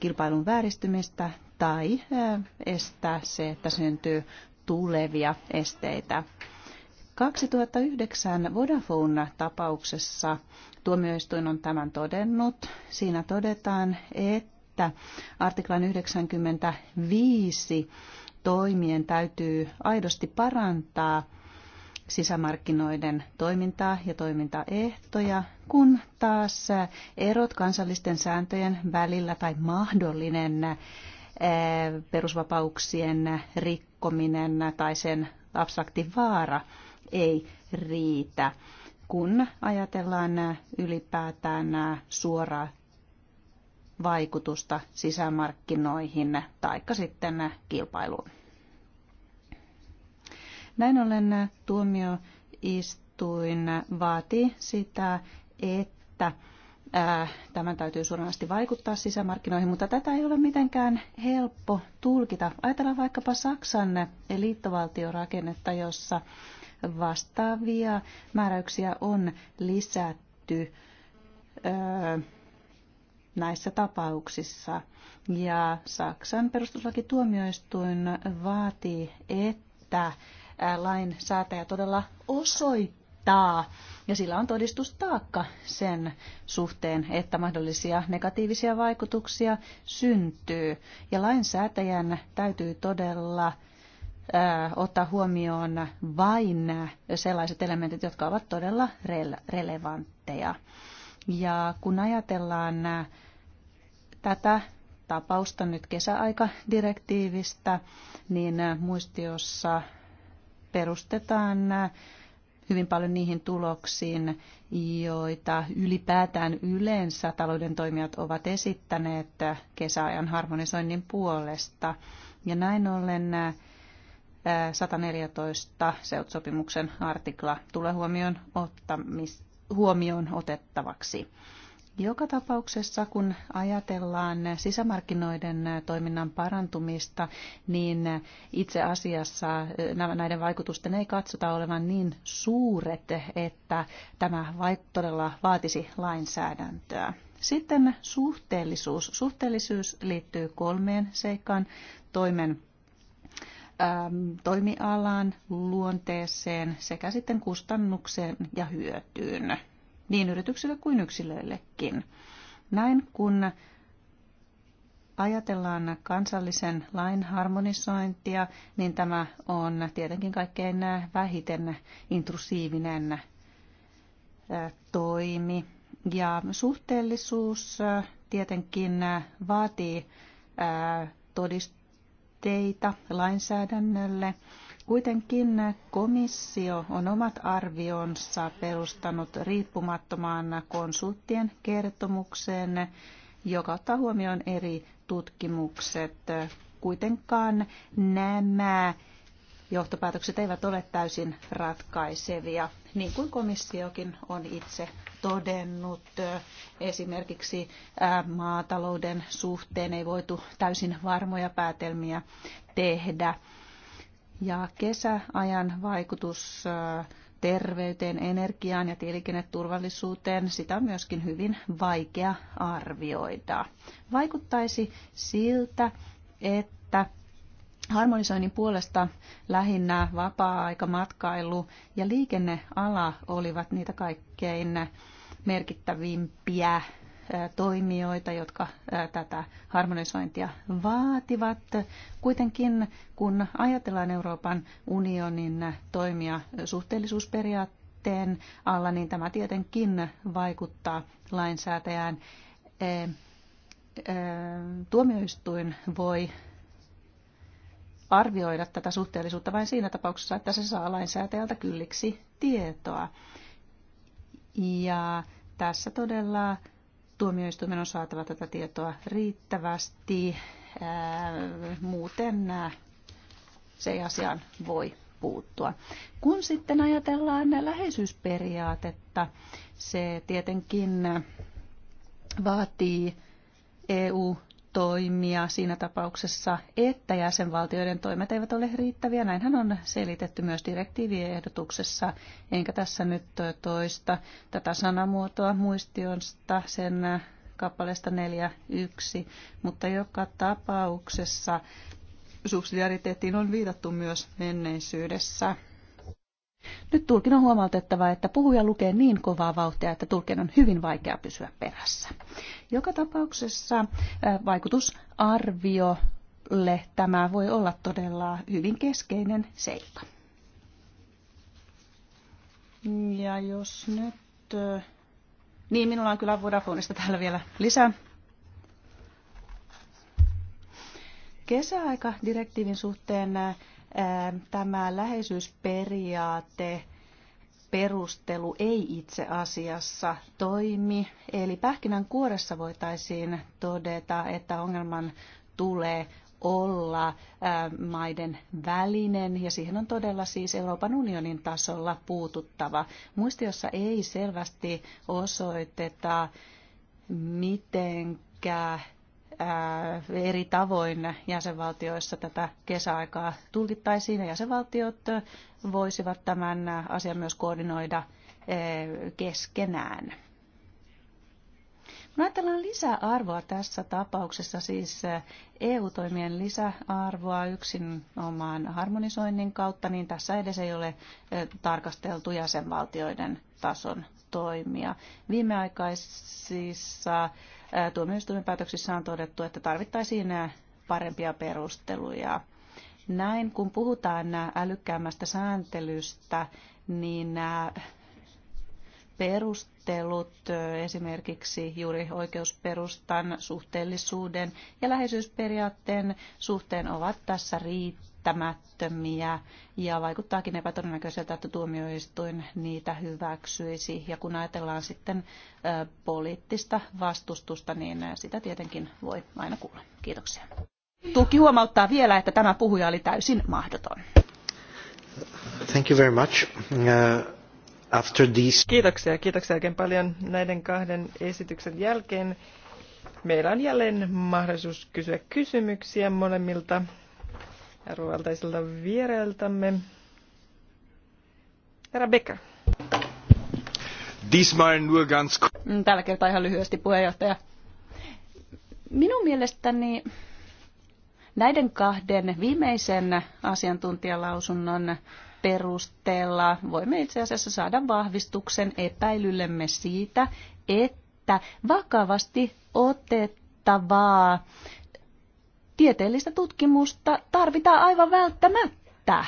B: kilpailun vääristymistä tai estää se, että syntyy tulevia esteitä. 2009 Vodafone-tapauksessa tuomioistuin on tämän todennut. Siinä todetaan, että että artiklan 95 toimien täytyy aidosti parantaa sisämarkkinoiden toimintaa ja toimintaehtoja, kun taas erot kansallisten sääntöjen välillä tai mahdollinen eh, perusvapauksien rikkominen tai sen abstrakti vaara ei riitä, kun ajatellaan ylipäätään suoraa vaikutusta sisämarkkinoihin tai sitten kilpailuun. Näin ollen tuomioistuin vaatii sitä, että äh, tämän täytyy suoranaisesti vaikuttaa sisämarkkinoihin, mutta tätä ei ole mitenkään helppo tulkita. Ajatellaan vaikkapa Saksan liittovaltiorakennetta, jossa vastaavia määräyksiä on lisätty. Öö, näissä tapauksissa. Ja Saksan perustuslakituomioistuin vaatii, että lainsäätäjä todella osoittaa ja sillä on todistustaakka sen suhteen, että mahdollisia negatiivisia vaikutuksia syntyy. Ja lainsäätäjän täytyy todella ottaa huomioon vain sellaiset elementit, jotka ovat todella rele- relevantteja. Ja kun ajatellaan tätä tapausta nyt kesäaikadirektiivistä, niin muistiossa perustetaan hyvin paljon niihin tuloksiin, joita ylipäätään yleensä talouden toimijat ovat esittäneet kesäajan harmonisoinnin puolesta. Ja näin ollen 114 SEUT-sopimuksen artikla tulee huomioon, ottamis, huomioon otettavaksi. Joka tapauksessa, kun ajatellaan sisämarkkinoiden toiminnan parantumista, niin itse asiassa näiden vaikutusten ei katsota olevan niin suuret, että tämä todella vaatisi lainsäädäntöä. Sitten suhteellisuus. Suhteellisuus liittyy kolmeen seikkaan toimen toimialaan, luonteeseen sekä sitten kustannukseen ja hyötyyn niin yrityksille kuin yksilöillekin. Näin kun ajatellaan kansallisen lain harmonisointia, niin tämä on tietenkin kaikkein vähiten intrusiivinen toimi. Ja suhteellisuus tietenkin vaatii todisteita lainsäädännölle Kuitenkin komissio on omat arvionsa perustanut riippumattomaan konsulttien kertomukseen, joka ottaa huomioon eri tutkimukset. Kuitenkaan nämä johtopäätökset eivät ole täysin ratkaisevia, niin kuin komissiokin on itse todennut. Esimerkiksi maatalouden suhteen ei voitu täysin varmoja päätelmiä tehdä. Ja kesäajan vaikutus terveyteen, energiaan ja tieliikenneturvallisuuteen, sitä on myöskin hyvin vaikea arvioida. Vaikuttaisi siltä, että harmonisoinnin puolesta lähinnä vapaa-aika, matkailu ja liikenneala olivat niitä kaikkein merkittävimpiä toimijoita, jotka tätä harmonisointia vaativat. Kuitenkin kun ajatellaan Euroopan unionin toimia suhteellisuusperiaatteen alla, niin tämä tietenkin vaikuttaa lainsäätäjään. Tuomioistuin voi arvioida tätä suhteellisuutta vain siinä tapauksessa, että se saa lainsäätäjältä kylliksi tietoa. Ja tässä todella Tuomioistuimen on saatava tätä tietoa riittävästi, äh, muuten äh, se ei asiaan voi puuttua. Kun sitten ajatellaan läheisyysperiaatetta, se tietenkin vaatii EU toimia siinä tapauksessa, että jäsenvaltioiden toimet eivät ole riittäviä. Näinhän on selitetty myös direktiiviehdotuksessa, enkä tässä nyt toista tätä sanamuotoa muistionsta sen kappaleesta 4.1, mutta joka tapauksessa subsidiariteettiin on viitattu myös menneisyydessä. Nyt tulkin on huomautettava, että puhuja lukee niin kovaa vauhtia, että tulkin on hyvin vaikea pysyä perässä. Joka tapauksessa vaikutusarviolle tämä voi olla todella hyvin keskeinen seikka. Ja jos nyt... Niin, minulla on kyllä Vodafoneista täällä vielä lisää. direktiivin suhteen tämä läheisyysperiaate perustelu ei itse asiassa toimi. Eli pähkinän kuoressa voitaisiin todeta, että ongelman tulee olla maiden välinen ja siihen on todella siis Euroopan unionin tasolla puututtava. Muistiossa ei selvästi osoiteta, mitenkä Äh, eri tavoin jäsenvaltioissa tätä kesäaikaa tulkittaisiin ja jäsenvaltiot äh, voisivat tämän äh, asian myös koordinoida keskenään. Kun ajatellaan lisäarvoa tässä tapauksessa, siis EU-toimien lisäarvoa yksin omaan harmonisoinnin kautta, niin tässä edes ei ole tarkasteltu jäsenvaltioiden tason toimia. Viimeaikaisissa tuomioistuimen päätöksissä on todettu, että tarvittaisiin parempia perusteluja. Näin, kun puhutaan älykkäämmästä sääntelystä, niin nämä perustelut esimerkiksi juuri oikeusperustan, suhteellisuuden ja läheisyysperiaatteen suhteen ovat tässä riittävät välttämättömiä ja vaikuttaakin epätodennäköiseltä, että tuomioistuin niitä hyväksyisi. Ja kun ajatellaan sitten poliittista vastustusta, niin sitä tietenkin voi aina kuulla. Kiitoksia. Tuki huomauttaa vielä, että tämä puhuja oli täysin mahdoton.
A: Thank you very much. Uh, after this... Kiitoksia, kiitoksia oikein paljon näiden kahden esityksen jälkeen. Meillä on jälleen mahdollisuus kysyä kysymyksiä molemmilta ruoaltaiselta vierailtamme. Herra Becker.
B: Mm, tällä kertaa ihan lyhyesti puheenjohtaja. Minun mielestäni näiden kahden viimeisen asiantuntijalausunnon perusteella voimme itse asiassa saada vahvistuksen epäilyllemme siitä, että vakavasti otettavaa tieteellistä tutkimusta tarvitaan aivan välttämättä.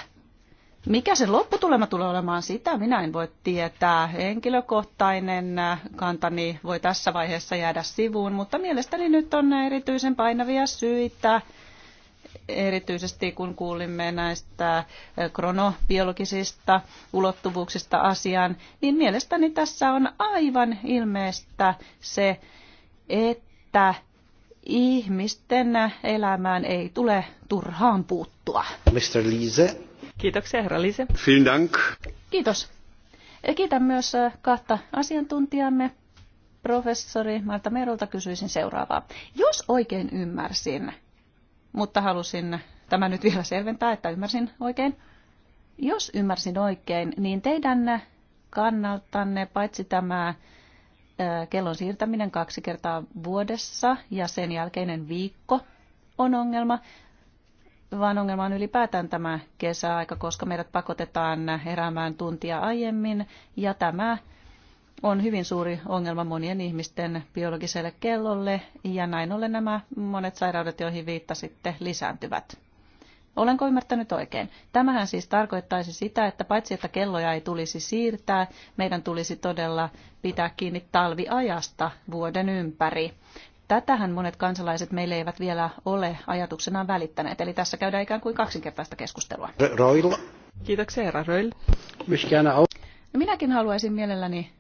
B: Mikä se lopputulema tulee olemaan, sitä minä en voi tietää. Henkilökohtainen kantani voi tässä vaiheessa jäädä sivuun, mutta mielestäni nyt on erityisen painavia syitä, erityisesti kun kuulimme näistä kronobiologisista ulottuvuuksista asiaan, niin mielestäni tässä on aivan ilmeistä se, että ihmisten elämään ei tule turhaan puuttua.
A: Mr. Liese. Kiitoksia, herra Liise. Vielen Dank.
B: Kiitos. Kiitän myös äh, kahta asiantuntijamme. Professori Marta Merolta kysyisin seuraavaa. Jos oikein ymmärsin, mutta halusin tämä nyt vielä selventää, että ymmärsin oikein. Jos ymmärsin oikein, niin teidän kannaltanne paitsi tämä kellon siirtäminen kaksi kertaa vuodessa ja sen jälkeinen viikko on ongelma, vaan ongelma on ylipäätään tämä kesäaika, koska meidät pakotetaan heräämään tuntia aiemmin ja tämä on hyvin suuri ongelma monien ihmisten biologiselle kellolle ja näin ollen nämä monet sairaudet, joihin viittasitte, lisääntyvät. Olenko ymmärtänyt oikein? Tämähän siis tarkoittaisi sitä, että paitsi että kelloja ei tulisi siirtää, meidän tulisi todella pitää kiinni talviajasta vuoden ympäri. Tätähän monet kansalaiset meille eivät vielä ole ajatuksenaan välittäneet, eli tässä käydään ikään kuin kaksinkertaista keskustelua. Roil. Kiitoksia, herra Roil. No minäkin haluaisin mielelläni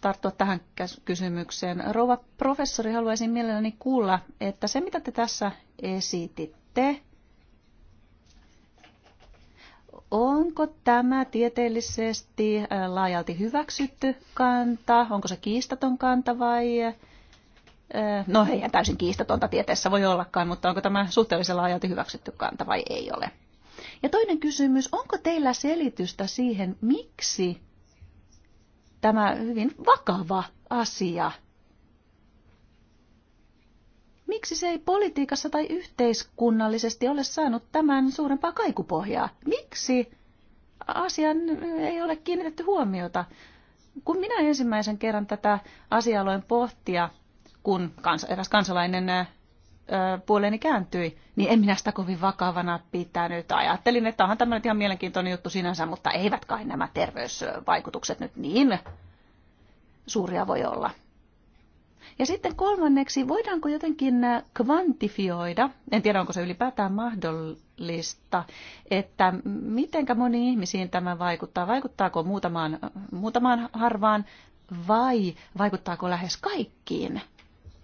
B: tarttua tähän kysymykseen. Rouva professori, haluaisin mielelläni kuulla, että se mitä te tässä esititte, Onko tämä tieteellisesti äh, laajalti hyväksytty kanta? Onko se kiistaton kanta vai... Äh, no ei täysin kiistatonta tieteessä voi ollakaan, mutta onko tämä suhteellisen laajalti hyväksytty kanta vai ei ole? Ja toinen kysymys, onko teillä selitystä siihen, miksi tämä hyvin vakava asia Miksi se ei politiikassa tai yhteiskunnallisesti ole saanut tämän suurempaa kaikupohjaa? Miksi asian ei ole kiinnitetty huomiota? Kun minä ensimmäisen kerran tätä asiaa aloin pohtia, kun kans, eräs kansalainen puoleeni kääntyi, niin en minä sitä kovin vakavana pitänyt. Ajattelin, että onhan tämä nyt ihan mielenkiintoinen juttu sinänsä, mutta eivät kai nämä terveysvaikutukset nyt niin suuria voi olla. Ja sitten kolmanneksi, voidaanko jotenkin äh, kvantifioida, en tiedä onko se ylipäätään mahdollista, että mitenkä moni ihmisiin tämä vaikuttaa, vaikuttaako muutamaan, muutamaan harvaan vai vaikuttaako lähes kaikkiin?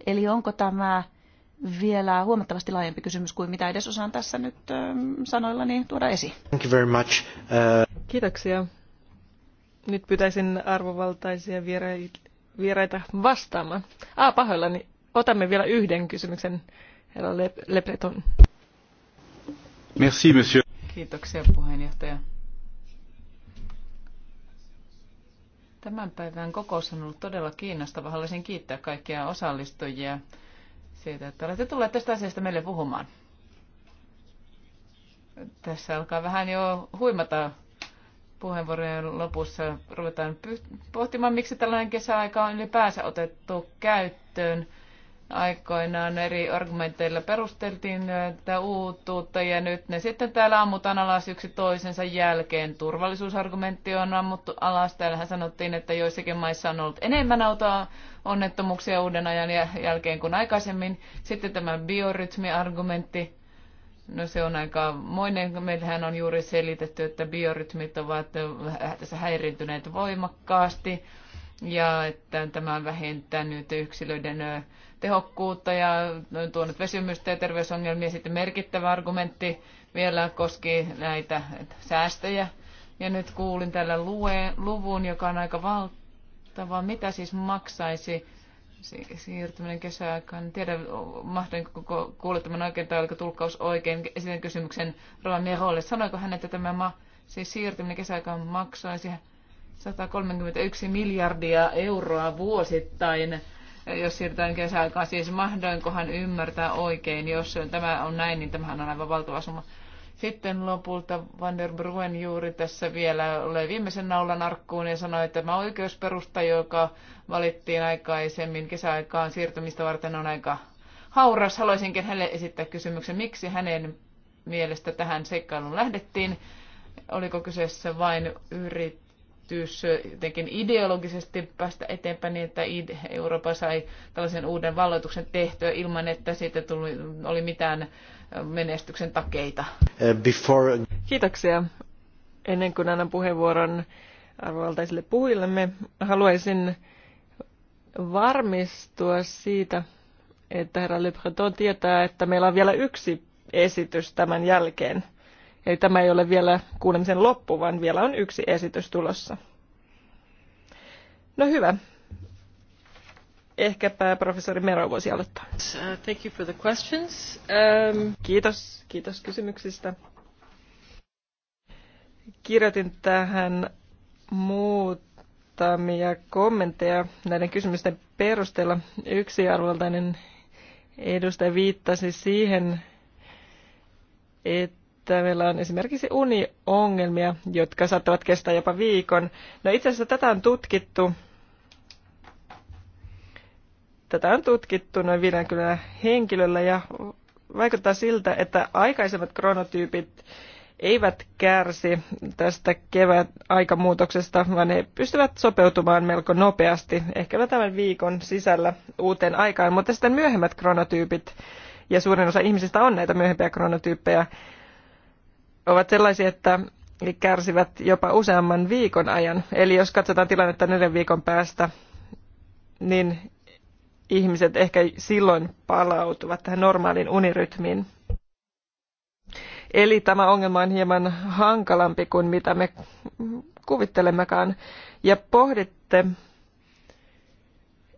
B: Eli onko tämä vielä huomattavasti laajempi kysymys kuin mitä edes osaan tässä nyt sanoillani tuoda esiin.
A: Thank you very much. Uh... Kiitoksia. Nyt pyytäisin arvovaltaisia vieraita vastaamaan. A, ah, pahoillani. Otamme vielä yhden kysymyksen, herra Le, Le Breton.
C: Merci, monsieur.
A: Kiitoksia, puheenjohtaja.
C: Tämän päivän kokous on ollut todella kiinnostava. Haluaisin kiittää kaikkia osallistujia siitä, että olette tulleet tästä asiasta meille puhumaan. Tässä alkaa vähän jo huimata puheenvuorojen lopussa ruvetaan pohtimaan, miksi tällainen kesäaika on ylipäänsä otettu käyttöön. Aikoinaan eri argumenteilla perusteltiin tätä uutuutta ja nyt ne sitten täällä ammutaan alas yksi toisensa jälkeen. Turvallisuusargumentti on ammuttu alas. Täällähän sanottiin, että joissakin maissa on ollut enemmän autoa onnettomuuksia uuden ajan jälkeen kuin aikaisemmin. Sitten tämä biorytmiargumentti No se on aika moinen. Meillähän on juuri selitetty, että biorytmit ovat tässä häirintyneet voimakkaasti ja että tämä on vähentänyt yksilöiden tehokkuutta ja tuonut vesymystä ja terveysongelmia. Sitten merkittävä argumentti vielä koski näitä säästöjä. Ja nyt kuulin tällä lue, luvun, joka on aika valtava. Mitä siis maksaisi siirtyminen kesäaikaan. En tiedä, koko kuulla tämän oikein tai oliko tulkkaus oikein. Esitän kysymyksen Roa Merolle. Sanoiko hän, että tämä ma, siis siirtyminen kesäaikaan maksaisi 131 miljardia euroa vuosittain, jos siirrytään kesäaikaan? Siis mahdoinkohan ymmärtää oikein, jos tämä on näin, niin tämähän on aivan valtava summa. Sitten lopulta Van der Bruen juuri tässä vielä oli viimeisen naulan arkkuun ja sanoi, että tämä oikeusperusta, joka valittiin aikaisemmin kesäaikaan siirtymistä varten, on aika hauras. Haluaisinkin hänelle esittää kysymyksen, miksi hänen mielestä tähän seikkailuun lähdettiin. Oliko kyseessä vain yritys jotenkin ideologisesti päästä eteenpäin niin, että Eurooppa sai tällaisen uuden valloituksen tehtyä ilman, että siitä tuli, oli mitään
A: menestyksen takeita. Before... Kiitoksia. Ennen kuin annan puheenvuoron arvovaltaisille puhujillemme, haluaisin varmistua siitä, että herra Le Breton tietää, että meillä on vielä yksi esitys tämän jälkeen. Eli tämä ei ole vielä kuulemisen loppu, vaan vielä on yksi esitys tulossa. No hyvä. Ehkäpä professori Mero voisi aloittaa. Uh, thank you for the questions. Um... Kiitos, kiitos kysymyksistä. Kirjoitin tähän muutamia kommentteja näiden kysymysten perusteella. Yksi arvoltainen edustaja viittasi siihen, että meillä on esimerkiksi uniongelmia, jotka saattavat kestää jopa viikon. No itse asiassa tätä on tutkittu Tätä on tutkittu noin 50 henkilöllä ja vaikuttaa siltä, että aikaisemmat kronotyypit eivät kärsi tästä kevät aikamuutoksesta, vaan ne pystyvät sopeutumaan melko nopeasti, ehkä tämän viikon sisällä uuteen aikaan. Mutta sitten myöhemmät kronotyypit, ja suurin osa ihmisistä on näitä myöhempiä kronotyyppejä, ovat sellaisia, että kärsivät jopa useamman viikon ajan. Eli jos katsotaan tilannetta neljän viikon päästä, niin ihmiset ehkä silloin palautuvat tähän normaaliin unirytmiin. Eli tämä ongelma on hieman hankalampi kuin mitä me kuvittelemmekaan. Ja pohditte,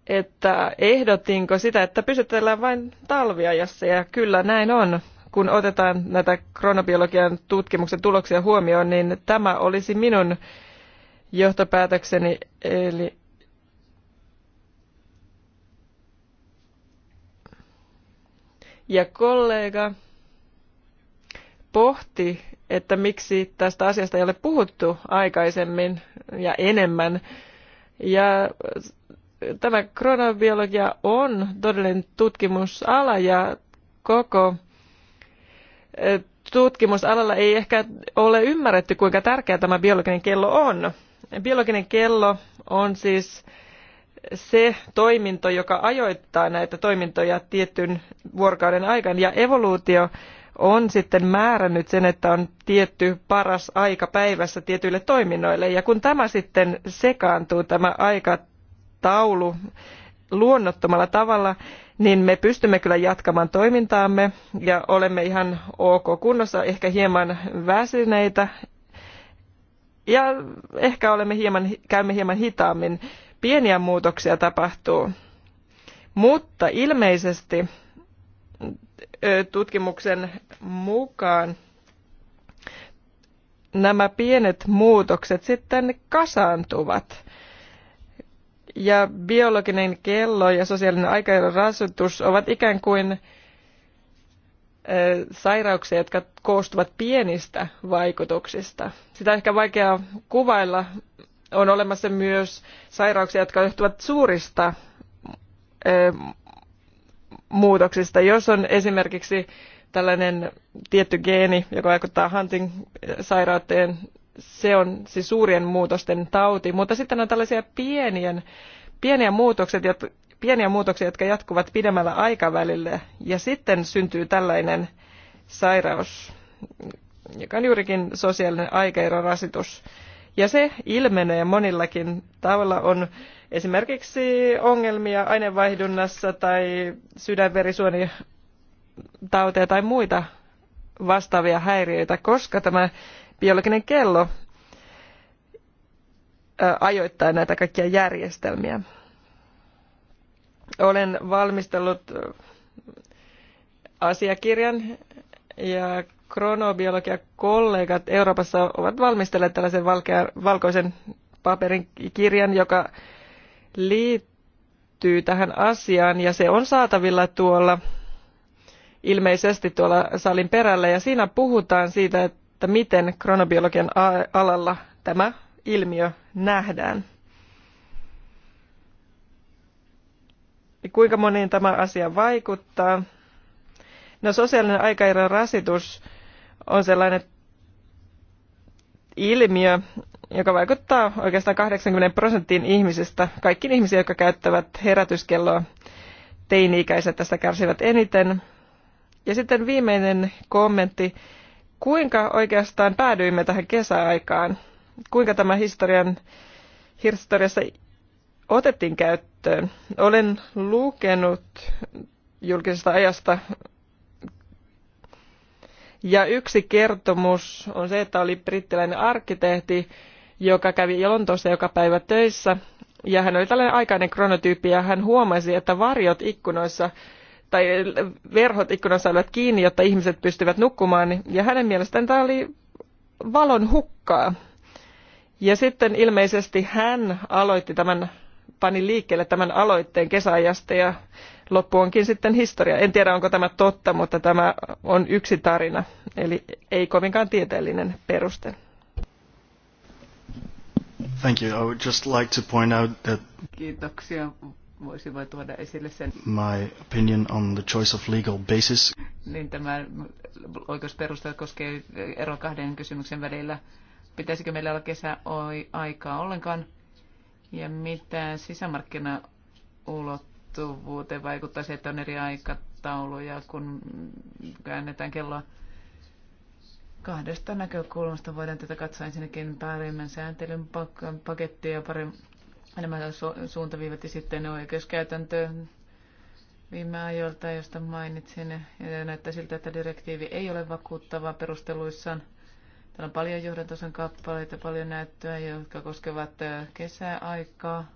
A: että ehdotinko sitä, että pysytellään vain talviajassa, ja kyllä näin on. Kun otetaan näitä kronobiologian tutkimuksen tuloksia huomioon, niin tämä olisi minun johtopäätökseni, eli ja kollega pohti, että miksi tästä asiasta ei ole puhuttu aikaisemmin ja enemmän. Ja tämä kronobiologia on todellinen tutkimusala ja koko eh, tutkimusalalla ei ehkä ole ymmärretty, kuinka tärkeä tämä biologinen kello on. Biologinen kello on siis se toiminto, joka ajoittaa näitä toimintoja tietyn vuorokauden aikaan. Ja evoluutio on sitten määrännyt sen, että on tietty paras aika päivässä tietyille toiminnoille. Ja kun tämä sitten sekaantuu, tämä aikataulu luonnottomalla tavalla, niin me pystymme kyllä jatkamaan toimintaamme ja olemme ihan ok kunnossa, ehkä hieman väsyneitä ja ehkä olemme hieman, käymme hieman hitaammin pieniä muutoksia tapahtuu. Mutta ilmeisesti tutkimuksen mukaan nämä pienet muutokset sitten kasaantuvat. Ja biologinen kello ja sosiaalinen aika ovat ikään kuin sairauksia, jotka koostuvat pienistä vaikutuksista. Sitä on ehkä vaikea kuvailla on olemassa myös sairauksia, jotka johtuvat suurista muutoksista. Jos on esimerkiksi tällainen tietty geeni, joka vaikuttaa Hunting-sairauteen, se on siis suurien muutosten tauti, mutta sitten on tällaisia pienien, pieniä, muutokset, pieniä muutoksia, jotka jatkuvat pidemmällä aikavälillä, ja sitten syntyy tällainen sairaus, joka on juurikin sosiaalinen aikaerorasitus. rasitus ja se ilmenee monillakin tavalla. On esimerkiksi ongelmia aineenvaihdunnassa tai sydänverisuonitauteja tai muita vastaavia häiriöitä, koska tämä biologinen kello ajoittaa näitä kaikkia järjestelmiä. Olen valmistellut asiakirjan ja kronobiologiakollegat Euroopassa ovat valmistelleet tällaisen valkoisen paperin kirjan, joka liittyy tähän asiaan ja se on saatavilla tuolla ilmeisesti tuolla salin perällä ja siinä puhutaan siitä, että miten kronobiologian alalla tämä ilmiö nähdään. Ja kuinka moniin tämä asia vaikuttaa? No sosiaalinen aikaeron rasitus on sellainen ilmiö, joka vaikuttaa oikeastaan 80 prosenttiin ihmisistä. kaikki ihmisiä, jotka käyttävät herätyskelloa, teini-ikäiset tästä kärsivät eniten. Ja sitten viimeinen kommentti. Kuinka oikeastaan päädyimme tähän kesäaikaan? Kuinka tämä historian, historiassa otettiin käyttöön? Olen lukenut julkisesta ajasta ja yksi kertomus on se, että oli brittiläinen arkkitehti, joka kävi Lontoossa joka päivä töissä. Ja hän oli tällainen aikainen kronotyyppi ja hän huomasi, että varjot ikkunoissa tai verhot ikkunoissa olivat kiinni, jotta ihmiset pystyvät nukkumaan. Ja hänen mielestään tämä oli valon hukkaa. Ja sitten ilmeisesti hän aloitti tämän pani liikkeelle tämän aloitteen kesäajasta ja loppu onkin sitten historia. En tiedä onko tämä totta, mutta tämä on yksi tarina, eli ei kovinkaan tieteellinen peruste. Thank you. I would just like to point out that
C: Kiitoksia. Voisin vain tuoda esille sen.
A: My opinion on the choice of legal basis.
C: Niin tämä oikeusperusta koskee ero kahden kysymyksen välillä. Pitäisikö meillä olla kesäaikaa ollenkaan? Ja mitä sisämarkkinaulottuvuuteen vaikuttaa se, että on eri aikatauluja, kun käännetään kelloa kahdesta näkökulmasta voidaan tätä katsoa ensinnäkin paremman sääntelyn pakettia, paremmin enemmän su- suuntaviivat ja sitten oikeuskäytäntö viime ajoilta, josta mainitsin. Ja näyttää siltä, että direktiivi ei ole vakuuttava perusteluissaan. Täällä on paljon johdantosan kappaleita, paljon näyttöä, jotka koskevat kesäaikaa,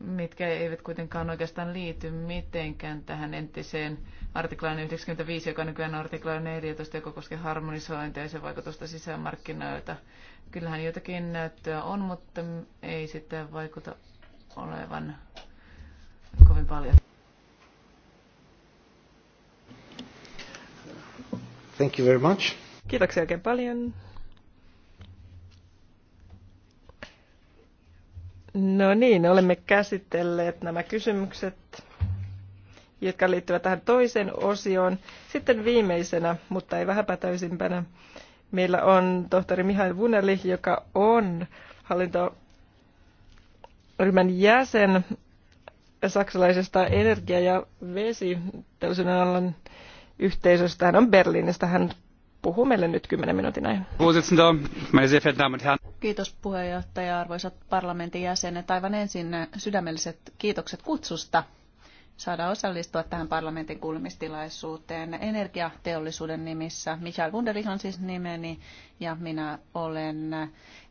C: mitkä eivät kuitenkaan oikeastaan liity mitenkään tähän entiseen artiklaan 95, joka nykyään artikla 14, joka koskee harmonisointia ja sen vaikutusta sisämarkkinoita. Kyllähän jotakin näyttöä on, mutta ei sitä vaikuta olevan
A: kovin paljon.
B: Thank you very much.
A: Kiitoksia oikein paljon. No niin, olemme käsitelleet nämä kysymykset, jotka liittyvät tähän toiseen osioon. Sitten viimeisenä, mutta ei vähäpätäisimpänä, meillä on tohtori Mihail Vuneli, joka on hallintoryhmän jäsen saksalaisesta energia- ja vesi alan yhteisöstä. Hän on Berliinistä. Hän puhuu meille nyt 10 minuutin ajan.
B: Kiitos puheenjohtaja, arvoisat parlamentin jäsenet. Aivan ensin sydämelliset kiitokset kutsusta saada osallistua tähän parlamentin kuulemistilaisuuteen energiateollisuuden nimissä. Michael Wunderlich on siis nimeni ja minä olen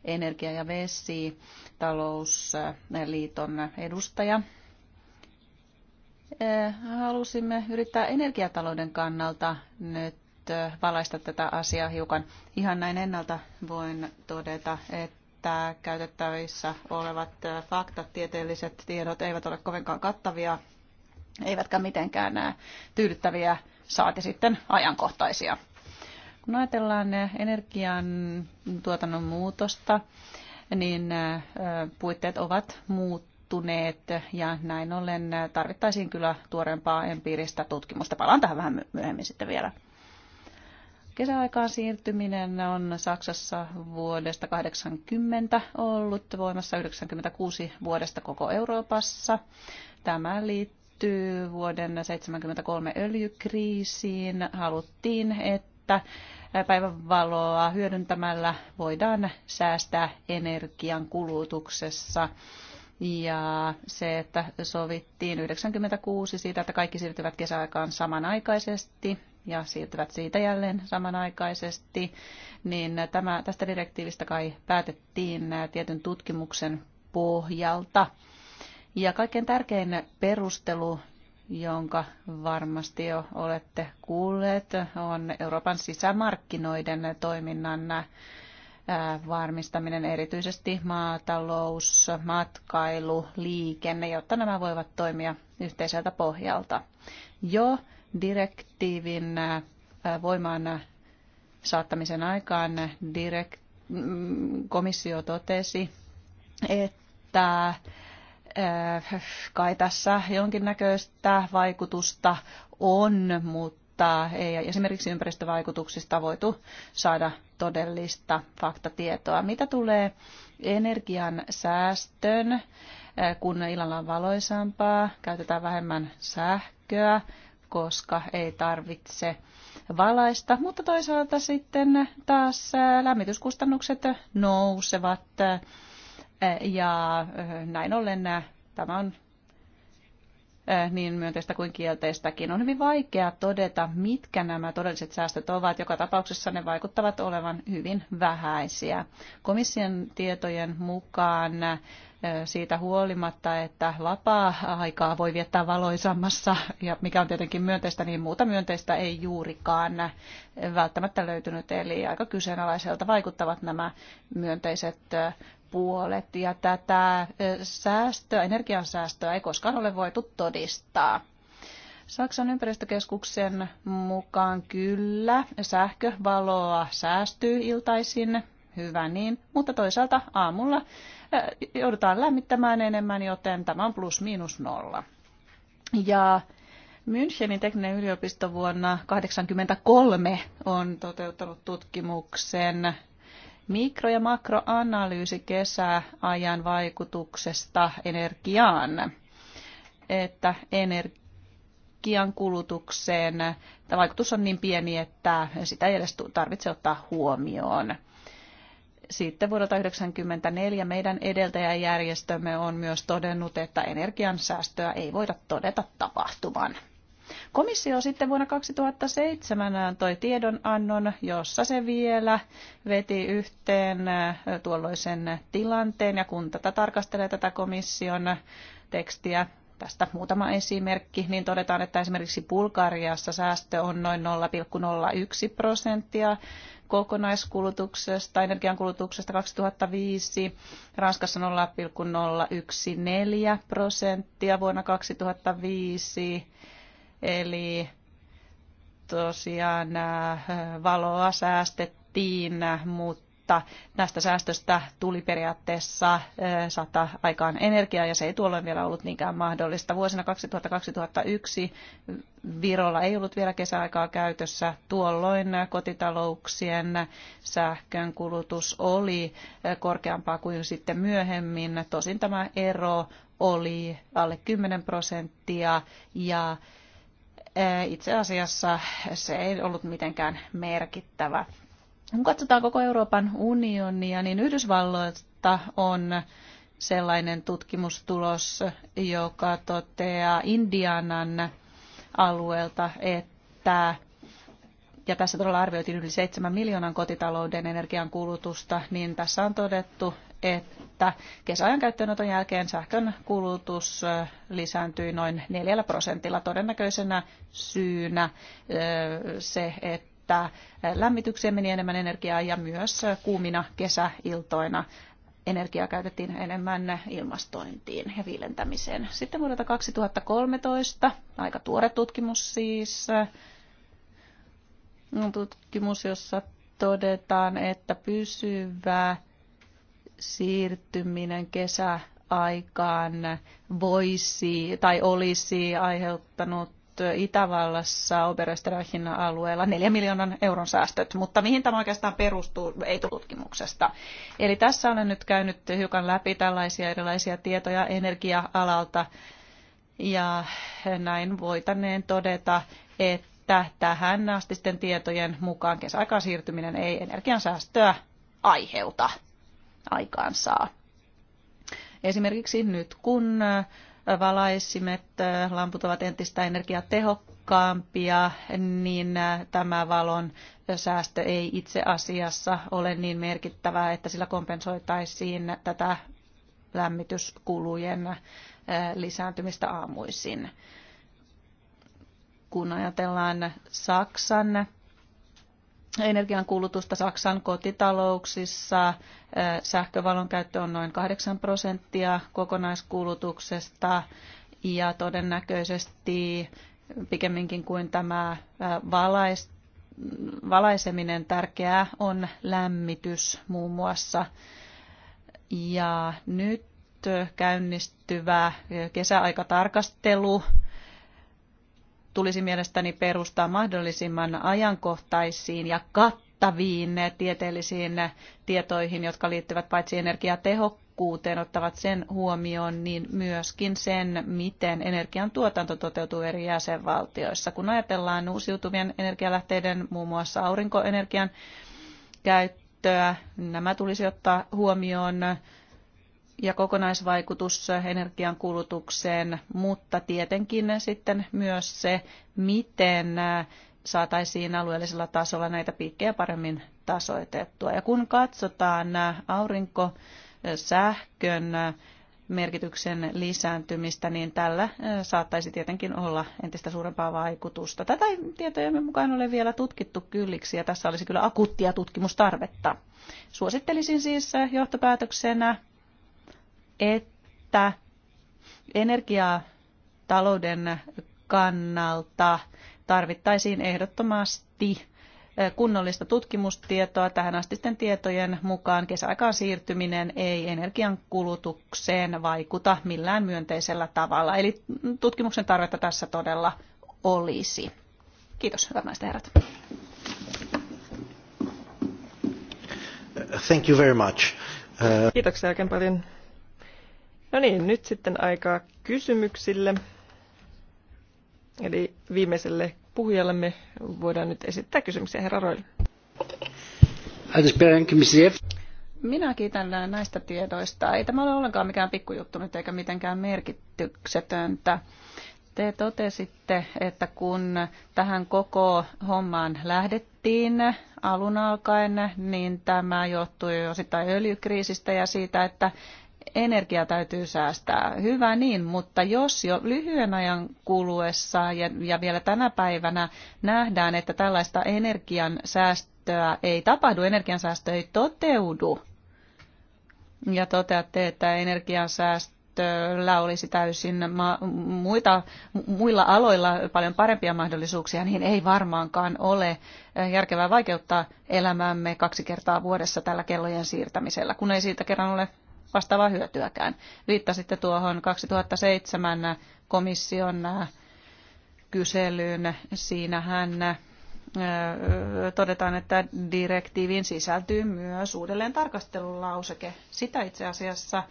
B: energia- ja vesitalousliiton talousliiton edustaja. Äh, halusimme yrittää energiatalouden kannalta nyt valaista tätä asiaa hiukan. Ihan näin ennalta voin todeta, että käytettävissä olevat faktat, tieteelliset tiedot eivät ole kovinkaan kattavia, eivätkä mitenkään nämä tyydyttäviä, saati sitten ajankohtaisia. Kun ajatellaan energian tuotannon muutosta, niin puitteet ovat muuttuneet ja näin ollen tarvittaisiin kyllä tuorempaa empiiristä tutkimusta. Palaan tähän vähän myöhemmin sitten vielä. Kesäaikaan siirtyminen on Saksassa vuodesta 80 ollut voimassa 96 vuodesta koko Euroopassa. Tämä liittyy vuoden 73 öljykriisiin. Haluttiin, että päivänvaloa hyödyntämällä voidaan säästää energian kulutuksessa. Ja se, että sovittiin 96 siitä, että kaikki siirtyvät kesäaikaan samanaikaisesti, ja siirtyvät siitä jälleen samanaikaisesti, niin tämä, tästä direktiivistä kai päätettiin tietyn tutkimuksen pohjalta. Ja kaikkein tärkein perustelu, jonka varmasti jo olette kuulleet, on Euroopan sisämarkkinoiden toiminnan varmistaminen, erityisesti maatalous, matkailu, liikenne, jotta nämä voivat toimia yhteiseltä pohjalta. Jo direktiivin voimaan saattamisen aikaan direkt, mm, komissio totesi, että kai tässä jonkinnäköistä vaikutusta on, mutta ei esimerkiksi ympäristövaikutuksista voitu saada todellista faktatietoa. Mitä tulee energian säästön, kun illalla on valoisampaa, käytetään vähemmän sähköä, koska ei tarvitse valaista, mutta toisaalta sitten taas äh, lämmityskustannukset nousevat äh, ja äh, näin ollen tämä on niin myönteistä kuin kielteistäkin. On hyvin vaikea todeta, mitkä nämä todelliset säästöt ovat. Joka tapauksessa ne vaikuttavat olevan hyvin vähäisiä. Komission tietojen mukaan siitä huolimatta, että vapaa-aikaa voi viettää valoisammassa, ja mikä on tietenkin myönteistä, niin muuta myönteistä ei juurikaan välttämättä löytynyt. Eli aika kyseenalaiselta vaikuttavat nämä myönteiset puolet. Ja tätä säästöä, energiansäästöä ei koskaan ole voitu todistaa. Saksan ympäristökeskuksen mukaan kyllä sähkövaloa säästyy iltaisin hyvä niin, mutta toisaalta aamulla eh, joudutaan lämmittämään enemmän, joten tämä on plus miinus nolla. Ja Münchenin tekninen yliopisto vuonna 1983 on toteuttanut tutkimuksen mikro- ja makroanalyysi kesäajan vaikutuksesta energiaan, että energian kulutukseen tämä vaikutus on niin pieni, että sitä ei edes tarvitse ottaa huomioon. Sitten vuodelta 1994 meidän edeltäjäjärjestömme on myös todennut, että energiansäästöä ei voida todeta tapahtuvan. Komissio sitten vuonna 2007 antoi tiedonannon, jossa se vielä veti yhteen tuolloisen tilanteen. Ja kun tätä tarkastelee tätä komission tekstiä, tästä muutama esimerkki, niin todetaan, että esimerkiksi Bulgariassa säästö on noin 0,01 prosenttia kokonaiskulutuksesta, energiankulutuksesta 2005, Ranskassa 0,014 prosenttia vuonna 2005, eli tosiaan äh, valoa säästettiin, mutta mutta näistä säästöstä tuli periaatteessa saattaa aikaan energiaa ja se ei tuolloin vielä ollut niinkään mahdollista. Vuosina 2000-2001 Virolla ei ollut vielä kesäaikaa käytössä. Tuolloin kotitalouksien sähkön kulutus oli korkeampaa kuin sitten myöhemmin. Tosin tämä ero oli alle 10 prosenttia ja itse asiassa se ei ollut mitenkään merkittävä. Kun katsotaan koko Euroopan unionia, niin Yhdysvalloista on sellainen tutkimustulos, joka toteaa Indianan alueelta, että ja tässä todella arvioitiin yli 7 miljoonan kotitalouden energian kulutusta, niin tässä on todettu, että kesäajan käyttöönoton jälkeen sähkön kulutus lisääntyi noin 4 prosentilla todennäköisenä syynä se, että käyttää lämmitykseen, meni enemmän energiaa ja myös kuumina kesäiltoina energiaa käytettiin enemmän ilmastointiin ja viilentämiseen. Sitten vuodelta 2013, aika tuore tutkimus siis, tutkimus, jossa todetaan, että pysyvä siirtyminen kesäaikaan voisi tai olisi aiheuttanut Itävallassa Oberösterreichin alueella 4 miljoonan euron säästöt, mutta mihin tämä oikeastaan perustuu, ei tutkimuksesta. Eli tässä olen nyt käynyt hiukan läpi tällaisia erilaisia tietoja energia-alalta ja näin voitaneen todeta, että tähän asti sitten tietojen mukaan kesäaikaan siirtyminen ei energiansäästöä aiheuta aikaansaa. Esimerkiksi nyt kun valaisimet, äh, lamput ovat entistä energiatehokkaampia, niin äh, tämä valon säästö ei itse asiassa ole niin merkittävää, että sillä kompensoitaisiin tätä lämmityskulujen äh, lisääntymistä aamuisin. Kun ajatellaan Saksan energiankulutusta Saksan kotitalouksissa. Sähkövalon käyttö on noin 8 prosenttia kokonaiskulutuksesta ja todennäköisesti pikemminkin kuin tämä valais, valaiseminen tärkeää on lämmitys muun muassa. Ja nyt käynnistyvä kesäaikatarkastelu tarkastelu tulisi mielestäni perustaa mahdollisimman ajankohtaisiin ja kattaviin tieteellisiin tietoihin, jotka liittyvät paitsi energiatehokkuuteen, ottavat sen huomioon, niin myöskin sen, miten energiantuotanto toteutuu eri jäsenvaltioissa. Kun ajatellaan uusiutuvien energialähteiden, muun muassa aurinkoenergian käyttöä, nämä tulisi ottaa huomioon ja kokonaisvaikutus energian kulutukseen, mutta tietenkin sitten myös se, miten saataisiin alueellisella tasolla näitä piikkejä paremmin tasoitettua. Ja kun katsotaan aurinkosähkön merkityksen lisääntymistä, niin tällä saattaisi tietenkin olla entistä suurempaa vaikutusta. Tätä ei tietojemme mukaan ole vielä tutkittu kylliksi ja tässä olisi kyllä akuuttia tutkimustarvetta. Suosittelisin siis johtopäätöksenä että energiatalouden kannalta tarvittaisiin ehdottomasti kunnollista tutkimustietoa. Tähän astisten tietojen mukaan kesäaikaan siirtyminen ei energian kulutukseen vaikuta millään myönteisellä tavalla. Eli tutkimuksen tarvetta tässä todella olisi. Kiitos, hyvät naiset herrat. Thank you very much.
A: Uh... Kiitoksia oikein paljon. No niin, nyt sitten aikaa kysymyksille. Eli viimeiselle puhujallemme voidaan nyt esittää kysymyksiä herra Roil. Minä
B: kiitän äh, näistä tiedoista. Ei tämä ole ollenkaan mikään pikkujuttu nyt eikä mitenkään merkityksetöntä. Te totesitte, että kun tähän koko hommaan lähdettiin alun alkaen, niin tämä johtui osittain öljykriisistä ja siitä, että energia täytyy säästää. Hyvä niin, mutta jos jo lyhyen ajan kuluessa ja, ja vielä tänä päivänä nähdään, että tällaista energian säästöä ei tapahdu, säästö ei toteudu, ja toteatte, että energiansäästöllä olisi täysin muita, muilla aloilla paljon parempia mahdollisuuksia, niin ei varmaankaan ole eh, järkevää vaikeuttaa elämäämme kaksi kertaa vuodessa tällä kellojen siirtämisellä, kun ei siitä kerran ole vastaavaa hyötyäkään. Viittasitte tuohon 2007 komission äh, kyselyyn. Siinähän äh, todetaan, että direktiiviin sisältyy myös uudelleen tarkastelulauseke. Sitä itse asiassa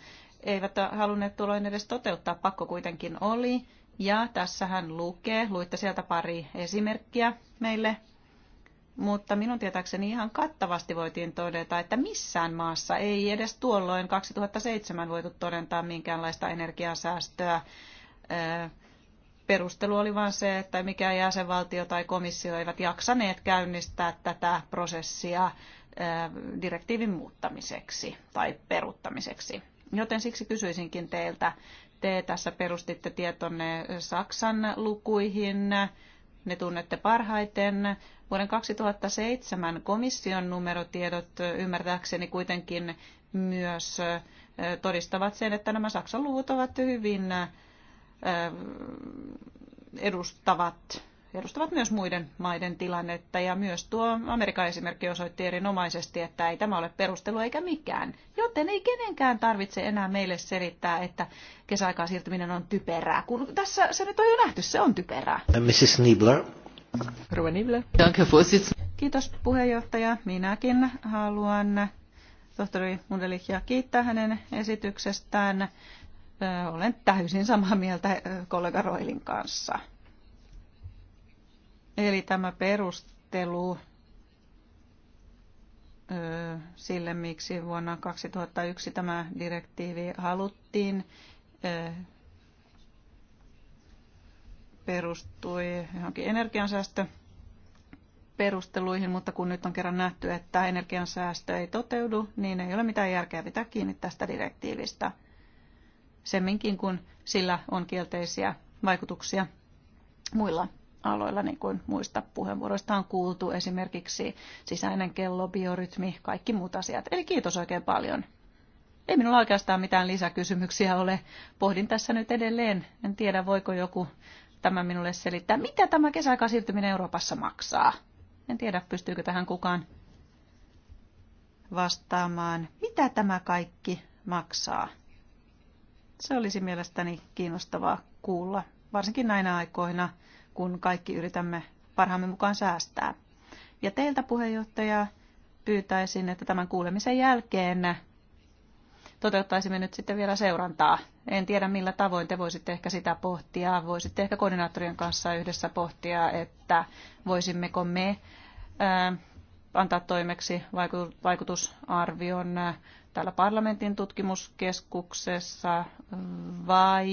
B: eivät halunneet tuloin edes toteuttaa, pakko kuitenkin oli. Ja tässähän lukee, luitte sieltä pari esimerkkiä meille mutta minun tietääkseni ihan kattavasti voitiin todeta, että missään maassa ei edes tuolloin 2007 voitu todentaa minkäänlaista energiasäästöä. Perustelu oli vain se, että mikä jäsenvaltio tai komissio eivät jaksaneet käynnistää tätä prosessia direktiivin muuttamiseksi tai peruuttamiseksi. Joten siksi kysyisinkin teiltä, te tässä perustitte tietonne Saksan lukuihin, ne tunnette parhaiten. Vuoden 2007 komission numerotiedot ymmärtääkseni kuitenkin myös todistavat sen, että nämä Saksan luvut ovat hyvin edustavat edustavat myös muiden maiden tilannetta ja myös tuo Amerikan esimerkki osoitti erinomaisesti, että ei tämä ole perustelu eikä mikään. Joten ei kenenkään tarvitse enää meille selittää, että kesäaikaan siirtyminen on typerää, kun tässä se nyt on jo nähty, se on typerää.
A: Uh, Mrs. Niebler.
B: Ruva Niebler. Kiitos puheenjohtaja. Minäkin haluan tohtori Mundelichia kiittää hänen esityksestään. Olen täysin samaa mieltä kollega Roilin kanssa. Eli tämä perustelu sille, miksi vuonna 2001 tämä direktiivi haluttiin, perustui johonkin energiansäästö perusteluihin, mutta kun nyt on kerran nähty, että energiansäästö ei toteudu, niin ei ole mitään järkeä pitää kiinni tästä direktiivistä. Semminkin kun sillä on kielteisiä vaikutuksia muilla aloilla, niin kuin muista puheenvuoroista on kuultu, esimerkiksi sisäinen kello, biorytmi, kaikki muut asiat. Eli kiitos oikein paljon. Ei minulla oikeastaan mitään lisäkysymyksiä ole. Pohdin tässä nyt edelleen. En tiedä, voiko joku tämä minulle selittää. Mitä tämä kesäaikaan siirtyminen Euroopassa maksaa? En tiedä, pystyykö tähän kukaan vastaamaan. Mitä tämä kaikki maksaa? Se olisi mielestäni kiinnostavaa kuulla, varsinkin näinä aikoina – kun kaikki yritämme parhaamme mukaan säästää. Ja teiltä puheenjohtaja pyytäisin, että tämän kuulemisen jälkeen toteuttaisimme nyt sitten vielä seurantaa. En tiedä millä tavoin te voisitte ehkä sitä pohtia, voisitte ehkä koordinaattorien kanssa yhdessä pohtia, että voisimmeko me ää, antaa toimeksi vaikutusarvion täällä parlamentin tutkimuskeskuksessa vai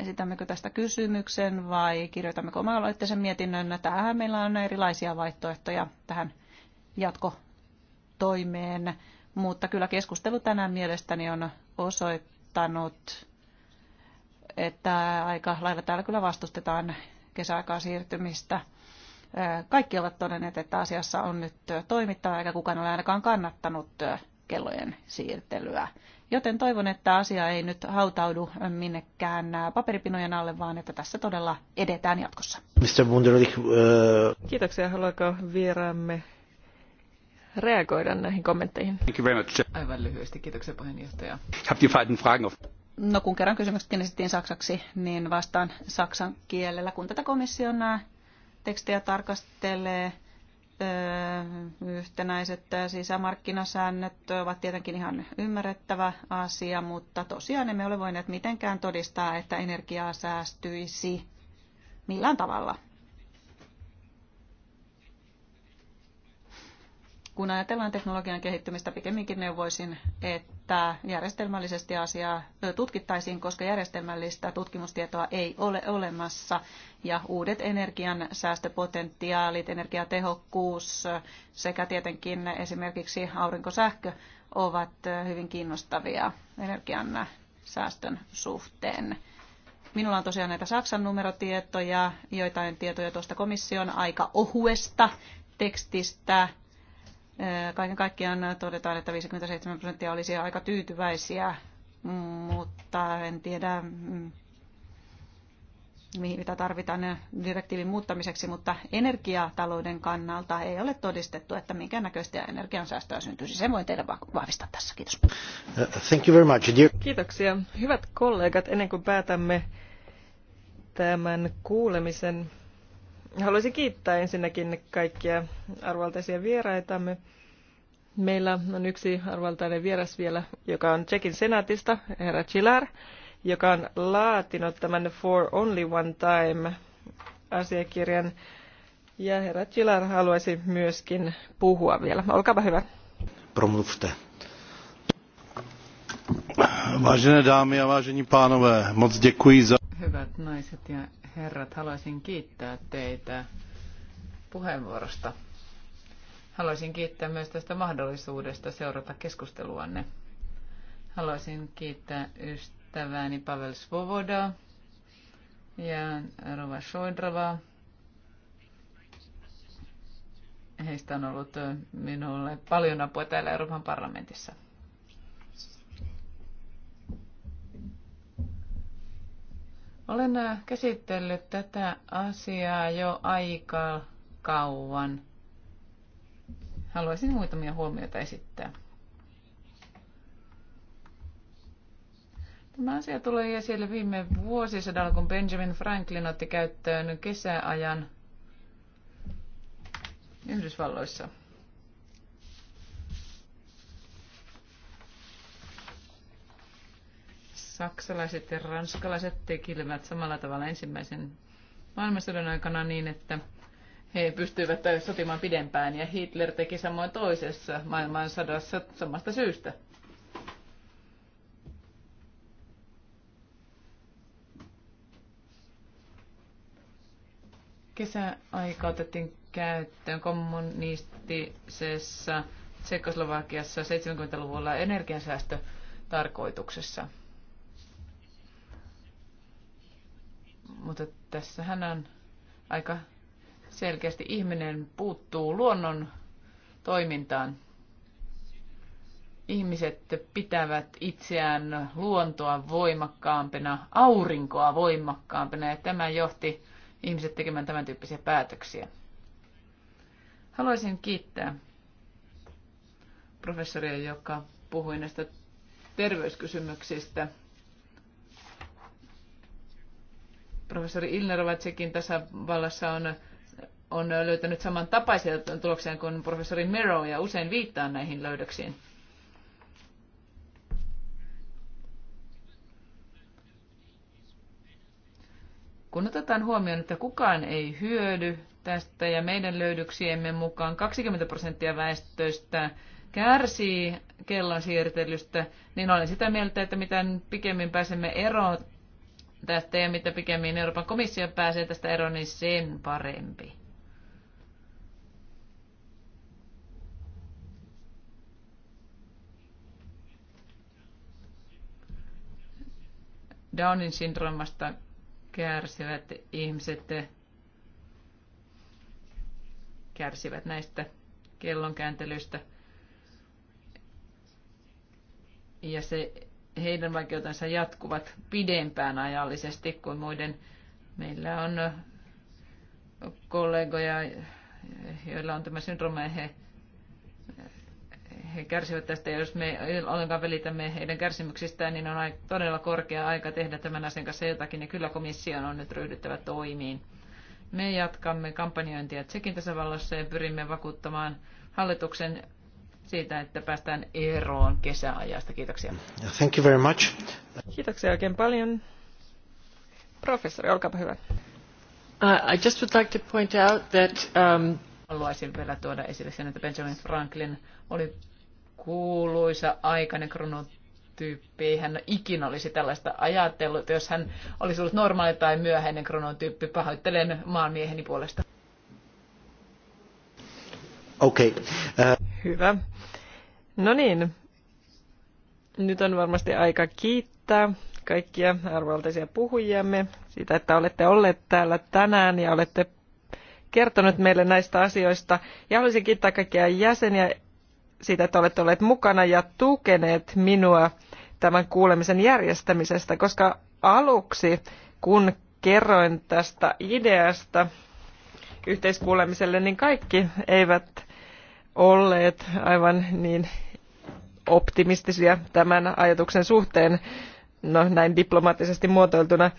B: esitämmekö tästä kysymyksen vai kirjoitammeko oma-aloitteisen mietinnön. Tähän meillä on erilaisia vaihtoehtoja tähän jatkotoimeen, mutta kyllä keskustelu tänään mielestäni on osoittanut, että aika lailla täällä kyllä vastustetaan kesäaikaa siirtymistä. Kaikki ovat todenneet, että asiassa on nyt toimittava, eikä kukaan ole ainakaan kannattanut kellojen siirtelyä. Joten toivon, että asia ei nyt hautaudu minnekään paperipinojen alle, vaan että tässä todella edetään jatkossa.
C: Mr. Wunderlich, äh, uh...
B: Kiitoksia. Haluaako vieraamme reagoida näihin kommentteihin? Thank you very much.
C: Aivan lyhyesti. Kiitoksia puheenjohtaja.
B: Fragen No kun kerran kysymykset esittiin saksaksi, niin vastaan saksan kielellä. Kun tätä komission äh, tekstejä tarkastelee, yhtenäiset sisämarkkinasäännöt ovat tietenkin ihan ymmärrettävä asia, mutta tosiaan emme ole voineet mitenkään todistaa, että energiaa säästyisi millään tavalla. Kun ajatellaan teknologian kehittymistä, pikemminkin neuvoisin, että että järjestelmällisesti asiaa tutkittaisiin, koska järjestelmällistä tutkimustietoa ei ole olemassa. Ja uudet energian säästöpotentiaalit, energiatehokkuus sekä tietenkin esimerkiksi aurinkosähkö ovat hyvin kiinnostavia energian säästön suhteen. Minulla on tosiaan näitä Saksan numerotietoja, joitain tietoja tuosta komission aika ohuesta tekstistä, Äh, kaiken kaikkiaan todetaan, että 57 prosenttia olisi aika tyytyväisiä, mutta en tiedä, mm, mitä tarvitaan direktiivin muuttamiseksi, mutta energiatalouden kannalta ei ole todistettu, että minkä näköistä energiansäästöä syntyisi. Sen voin teille vahvistaa tässä. Kiitos.
A: Uh, thank you very much. Dear. Kiitoksia. Hyvät kollegat, ennen kuin päätämme tämän kuulemisen, Haluaisin kiittää ensinnäkin kaikkia arvaltaisia vieraitamme. Meillä on yksi arvaltainen vieras vielä, joka on Tsekin senaatista, herra Chilar, joka on laatinut tämän For Only One Time asiakirjan. Ja herra Chilar haluaisi myöskin puhua vielä. Olkaa hyvä. Promluvte.
C: Vážené dámy ja vážení pánové, moc děkuji za... Hyvät naiset ja herrat, haluaisin kiittää teitä puheenvuorosta. Haluaisin kiittää myös tästä mahdollisuudesta seurata keskusteluanne. Haluaisin kiittää ystävääni Pavel Svoboda ja Rova Shoidravaa. Heistä on ollut minulle paljon apua täällä Euroopan parlamentissa. Olen äh, käsitellyt tätä asiaa jo aika kauan. Haluaisin muutamia huomioita esittää. Tämä asia tulee esille viime vuosisadalla, kun Benjamin Franklin otti käyttöön kesäajan Yhdysvalloissa. saksalaiset ja ranskalaiset tekivät samalla tavalla ensimmäisen maailmansodan aikana niin, että he pystyivät sotimaan pidempään ja Hitler teki samoin toisessa maailmansodassa samasta syystä. kesäaika otettiin käyttöön kommunistisessa Tsekoslovakiassa 70-luvulla energiansäästötarkoituksessa. Mutta tässähän on aika selkeästi ihminen puuttuu luonnon toimintaan. Ihmiset pitävät itseään luontoa voimakkaampana, aurinkoa voimakkaampana ja tämä johti ihmiset tekemään tämän tyyppisiä päätöksiä. Haluaisin kiittää professoria, joka puhui näistä terveyskysymyksistä professori Ilnerova Tsekin tasavallassa on, on löytänyt samantapaisia tuloksia kuin professori Mero ja usein viittaa näihin löydöksiin. Kun otetaan huomioon, että kukaan ei hyödy tästä ja meidän löydyksiemme mukaan 20 prosenttia väestöstä kärsii kellon siirtelystä, niin olen sitä mieltä, että mitä pikemmin pääsemme eroon tästä ja mitä pikemmin Euroopan komissio pääsee tästä eroon, niin sen parempi. Downin syndroomasta kärsivät ihmiset kärsivät näistä kellonkääntelyistä. Ja se heidän vaikeutensa jatkuvat pidempään ajallisesti kuin muiden. Meillä on kollegoja, joilla on tämä syndrooma ja he, he kärsivät tästä. Ja jos me ollenkaan välitämme heidän kärsimyksistään, niin on todella korkea aika tehdä tämän asian kanssa jotakin. Ja kyllä komission on nyt ryhdyttävä toimiin. Me jatkamme kampanjointia Tsekin tasavallassa ja pyrimme vakuuttamaan hallituksen siitä, että päästään eroon kesäajasta.
A: Kiitoksia. Thank you very much. Kiitoksia oikein paljon. Professori, olkaapa hyvä. Uh, I just would like to point out that... Um...
C: Haluaisin vielä tuoda esille sen, että Benjamin Franklin oli kuuluisa aikainen kronotyyppi. hän ikinä olisi tällaista ajatellut. Jos hän olisi ollut normaali tai myöhäinen kronotyyppi, pahoittelen maanmieheni puolesta.
A: Okay. Uh... Hyvä. No niin, nyt on varmasti aika kiittää kaikkia arvoaltaisia puhujiamme siitä, että olette olleet täällä tänään ja olette kertonut meille näistä asioista. Ja haluaisin kiittää kaikkia jäseniä siitä, että olette olleet mukana ja tukeneet minua tämän kuulemisen järjestämisestä, koska aluksi kun kerroin tästä ideasta yhteiskuulemiselle, niin kaikki eivät olleet aivan niin optimistisia tämän ajatuksen suhteen, no näin diplomaattisesti muotoiltuna.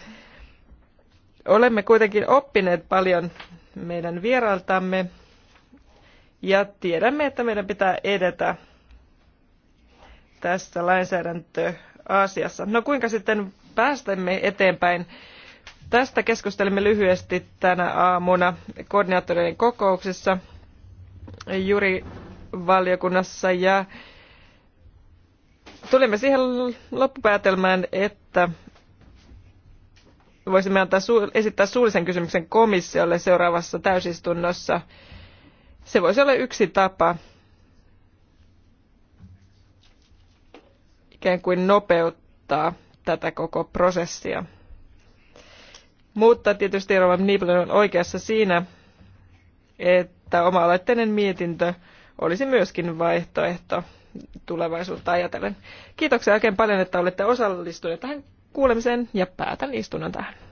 A: Olemme kuitenkin oppineet paljon meidän vierailtamme ja tiedämme, että meidän pitää edetä tässä lainsäädäntöasiassa. No kuinka sitten päästämme eteenpäin? Tästä keskustelimme lyhyesti tänä aamuna koordinaattoreiden kokouksessa – juuri valiokunnassa ja tulimme siihen loppupäätelmään, että voisimme antaa esittää suullisen kysymyksen komissiolle seuraavassa täysistunnossa. Se voisi olla yksi tapa ikään kuin nopeuttaa tätä koko prosessia. Mutta tietysti Roman Nieblen on oikeassa siinä, että että oma-aloitteinen mietintö olisi myöskin vaihtoehto tulevaisuutta ajatellen. Kiitoksia oikein paljon, että olette osallistuneet tähän kuulemiseen ja päätän istunnon tähän.